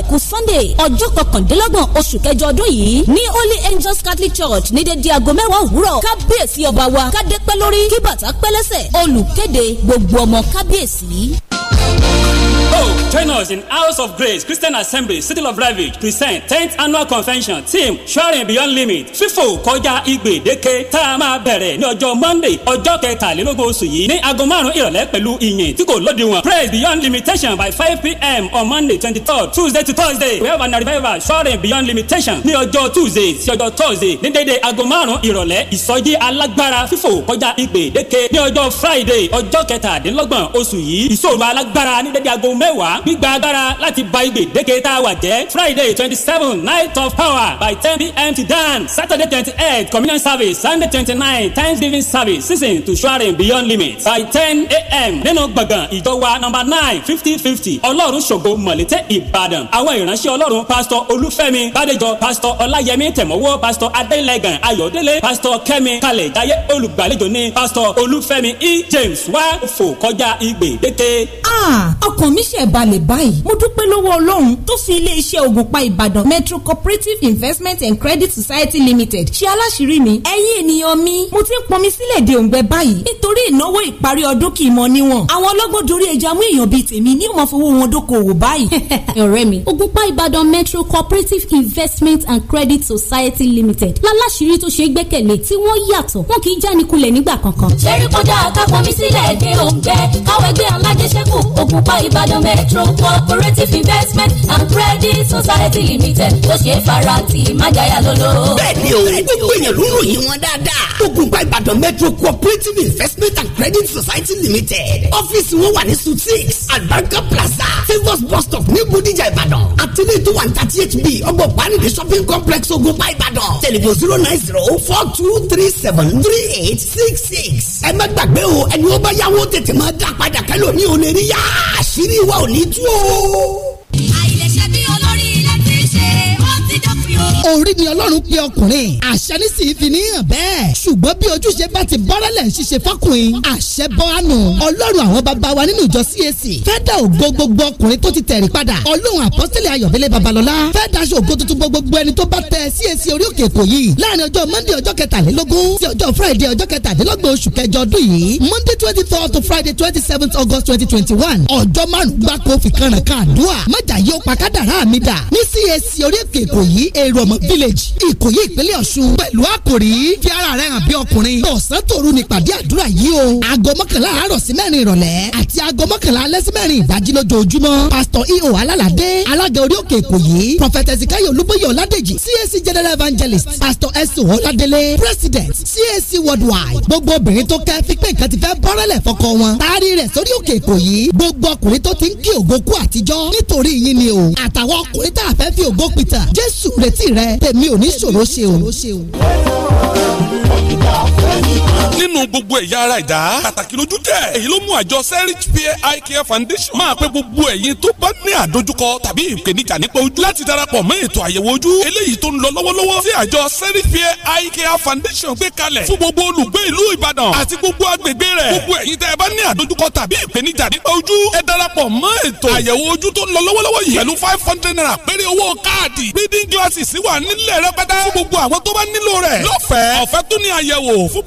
I: Angels Catholic Church ní dédé aago mẹ́wàá òwúrọ̀ kábíyèsí ọba wa kádépẹ́ lórí kíbà bàtà pẹ́lẹ́sẹ̀ olùkéde gbogbo ọmọ kábíyèsí.
P: Join us in House of Grace Christian Assembly City of Refuge present tenth annual convention team sharing beyond limit fífò kọjá ìgbèdéke tá a máa bẹ̀rẹ̀ ní ọjọ́ Monday ọjọ́ kẹtàlélógún oṣù yìí ní aago márùn-ún ìrọ̀lẹ́ pẹ̀lú ìyìn tí kò lódiwọ̀n praise beyond limitation by five pm on Monday twenty third Tuesday to Thursday we have an revival sharing beyond limitation ní ọjọ́ Tuesday sí ọjọ́ Thursday ní dédé aago márùn-ún ìrọ̀lẹ́ ìsọjí alágbára fífò kọjá ìgbèdéke ní ọjọ́ Friday ọjọ́ kẹtàdínlọ́gbọ̀n oṣù yìí ìṣòro alágbára ní dédé aago mẹ́ mẹ́wàá gbígba agbára láti ba ibè déke tá a wà jẹ́ friday twenty seven night of power by ten pm to dawn saturday twenty eight communion service sunday twenty nine thanksgiving service season to sharing beyond limit by ten am nínú gbọ̀ngàn ìjọ wa number nine fifty fifty ọlọ́run ṣògo mọ̀lẹ́tẹ̀ ìbàdàn àwọn ìránṣẹ́ ọlọ́run pásítọ̀ olúfẹ́mi bádéjọ pásítọ̀ ọláyẹmí tẹ̀mọ́wọ́ pásítọ̀ adélẹ́gàn ayọ̀délé pásítọ̀ kẹ́mi kalẹ̀ jayé olùgbàlejò ní pásítọ̀ olúfẹ́mi e james wá fò kọjá ìgbèdéke. Ah, ọkàn mi ṣẹ̀ balẹ̀ báyìí mo
I: dúpẹ́ lọ́wọ́ ọlọ́run tó fi iléeṣẹ́ ògùnpa ìbàdàn metro cooperative investment and credit society limited ṣe aláṣìírí mi ẹ̀yin ènìyàn mi mo ti ń pọnmi sílẹ̀ de òǹgbẹ báyìí nítorí ìnáwó ìparí ọdún kì í mọ níwọ̀n àwọn ọlọ́gbọ́n dorí ẹja mú èèyàn bíi tèmi ní ìmọ̀ fowó wọn dókòwò báyìí. ọ̀rẹ́ mi ògùnpa ìbàdàn metro cooperative investment and credit society limited láláṣìírí tó ṣe é gbẹ́kẹ̀lé tí wọ́n yàtọ̀ wọn kì í jánikulẹ̀ nígbà kankan. ṣeré kọjá ká pọnmi sílẹ̀ de òǹgbẹ káwẹ́gbẹ́ alájẹsẹ́kù ògùnpa ìbàdàn Metro Cooperative
N: Investment and Credit Society Limited tó ṣe é fara ti májàyà lọ́lọ́. Bẹ́ẹ̀ni o, gbogbo èèyàn ló ròyìn wọn
G: dáadáa. Ògùnbà Ìbàdàn Metro Cooperative Investment and Credit
F: Society Limited. Ọ́fíìsì wọn wà ní Suite six Albarka Plaza Favours Bus Stop ní Bódìjà Ìbàdàn. Àtẹ̀lé tó wà ní thirty eight B ọgbọ̀n Pánìdé Shopping Complex Ògùnbà Ìbàdàn. Tẹlifon zero nine zero four two three seven three
N: eight six six. Ẹ má gbàgbé o
F: ẹni ó bá yáwó tètè máa dá padà kẹ́lò ní òní rí yá àṣírí wa ò ní tú o. orí ni ọlọ́run pe
G: ọkùnrin àṣẹ nísìnyí fi níyàn bẹ́ẹ̀ ṣùgbọ́n bí ojúṣe bá ti bọ́rẹ́lẹ̀ ṣíṣe fọkùnrin àṣẹ bọ́ àánú ọlọ́run àwọn bàbá wa nínú ìjọ CAC fẹ́dà ògo gbogbo ọkùnrin tó ti tẹ̀rí padà ọlọ́run àpọ́sílẹ̀ ayọ̀bẹ́lẹ̀ babalọ́lá fẹ́dà ṣògo tuntun gbogbo ẹni tó bá tẹ CAC orí òkè èkó yìí láàrin ọjọ́ monday ọjọ́ kẹtàlélógún sí ọjọ́ friday ọjọ́ kẹtàdínlọ́gbọ̀n oṣù kẹjọ ọdún yìí monday twenty four to friday twenty seven august twenty twenty one ọjọ́ márùn-ún gbáko fìkànnà kan àdúrà májà yóò pa kádàrá mi dà ní CAC orí òkè èkó yìí èrò ọmọ Village Ìkòyí ìpínlẹ̀ Ọ̀ṣun pẹ̀lú àkòrí fi ara rẹ̀ hàn bí ọkùnrin ọ̀sán tòru nípàdé àdúrà yìí o aago mọ́kànlá àárọ̀ sí mẹ́rin ìrọ̀lẹ́ àti aago mọ́kànlá alẹ́ sí mẹ́rin ìdájí lójoojúmọ́ Pastor E.O. Alalade, alága orí òkè Ìkòyí Prophet Ezekiel Olúbóyè Ọládèjì CAC General Evangelist Pastor S.O. Ọládélé President CAC Worldwide gbogbo obìnrin tó kẹ́ fi pé nǹkan ti fẹ́ bọ́rẹ́lẹ̀ fọkọ wọn taari rẹ̀ sórí òkè Ìkòyí gbogbo ọkùnrin tó ti ń kí rẹ tèmi ò ní ṣòro ṣe o
J: nínú gbogbo ẹ̀yà ara ẹ̀dá pàtàkì lójú jẹ́ èyí ló mú àjọ serich peer eye care foundation máa pé gbogbo ẹ̀yin tó bá ní àdójúkọ tàbí ìpèníjà nípa ojú láti darapọ̀ mọ́ ètò àyẹ̀wò ojú eléyìí tó ń lọ lọ́wọ́lọ́wọ́ tí àjọ serich peer eye care foundation gbé kalẹ̀ fún gbogbo olùgbé ìlú ìbàdàn àti gbogbo agbègbè rẹ̀ gbogbo ẹ̀yin tẹ́ ẹ bá ní àdójúkọ tàbí ìpèníjà nípa ojú ẹ darapọ̀ mọ́ ètò àyẹ̀wò ojú tó ń lọ lọ́wọ́lọ́wọ́ yìí pẹ̀lú five hundred naira péré owó káàdì reading glasses wà nílẹ̀ rẹpẹtẹ fún gbogbo àwọn tó bá nílò rẹ̀ lọ́fẹ̀ẹ́ ọ̀fẹ́ tún ní àyẹ̀wò fún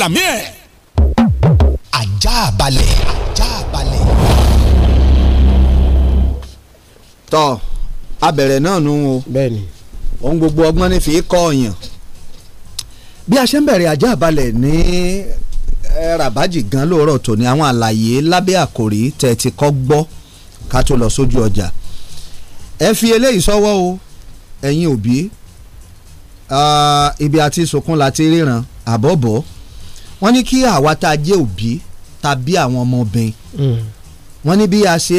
J: làmí ẹ̀. Ajabale, balẹ̀ ajá balẹ̀. tọ́
O: abẹ̀rẹ̀ náà nù o. bẹ́ẹ̀ni. ohun gbogbo ọgbọ́n ní fi kọ́ ọ̀yàn. bí a ṣe ń bẹ̀rẹ̀ ajá ní rabaji gan lóòrọ̀ tòní àwọn àlàyé lábẹ́ àkòrí tẹ̀ ti kọ́ gbọ́ ká tó lọ sójú ọjà ẹ fi eléyìí sọ́wọ́ o ẹ̀yin òbí ibi àti sọkún láti ríran àbọ̀bọ̀ wọ́n ní kí àwa tá a jẹ́ òbí tàbí àwọn ọmọbìnrin mm. wọ́n ní bí a ṣe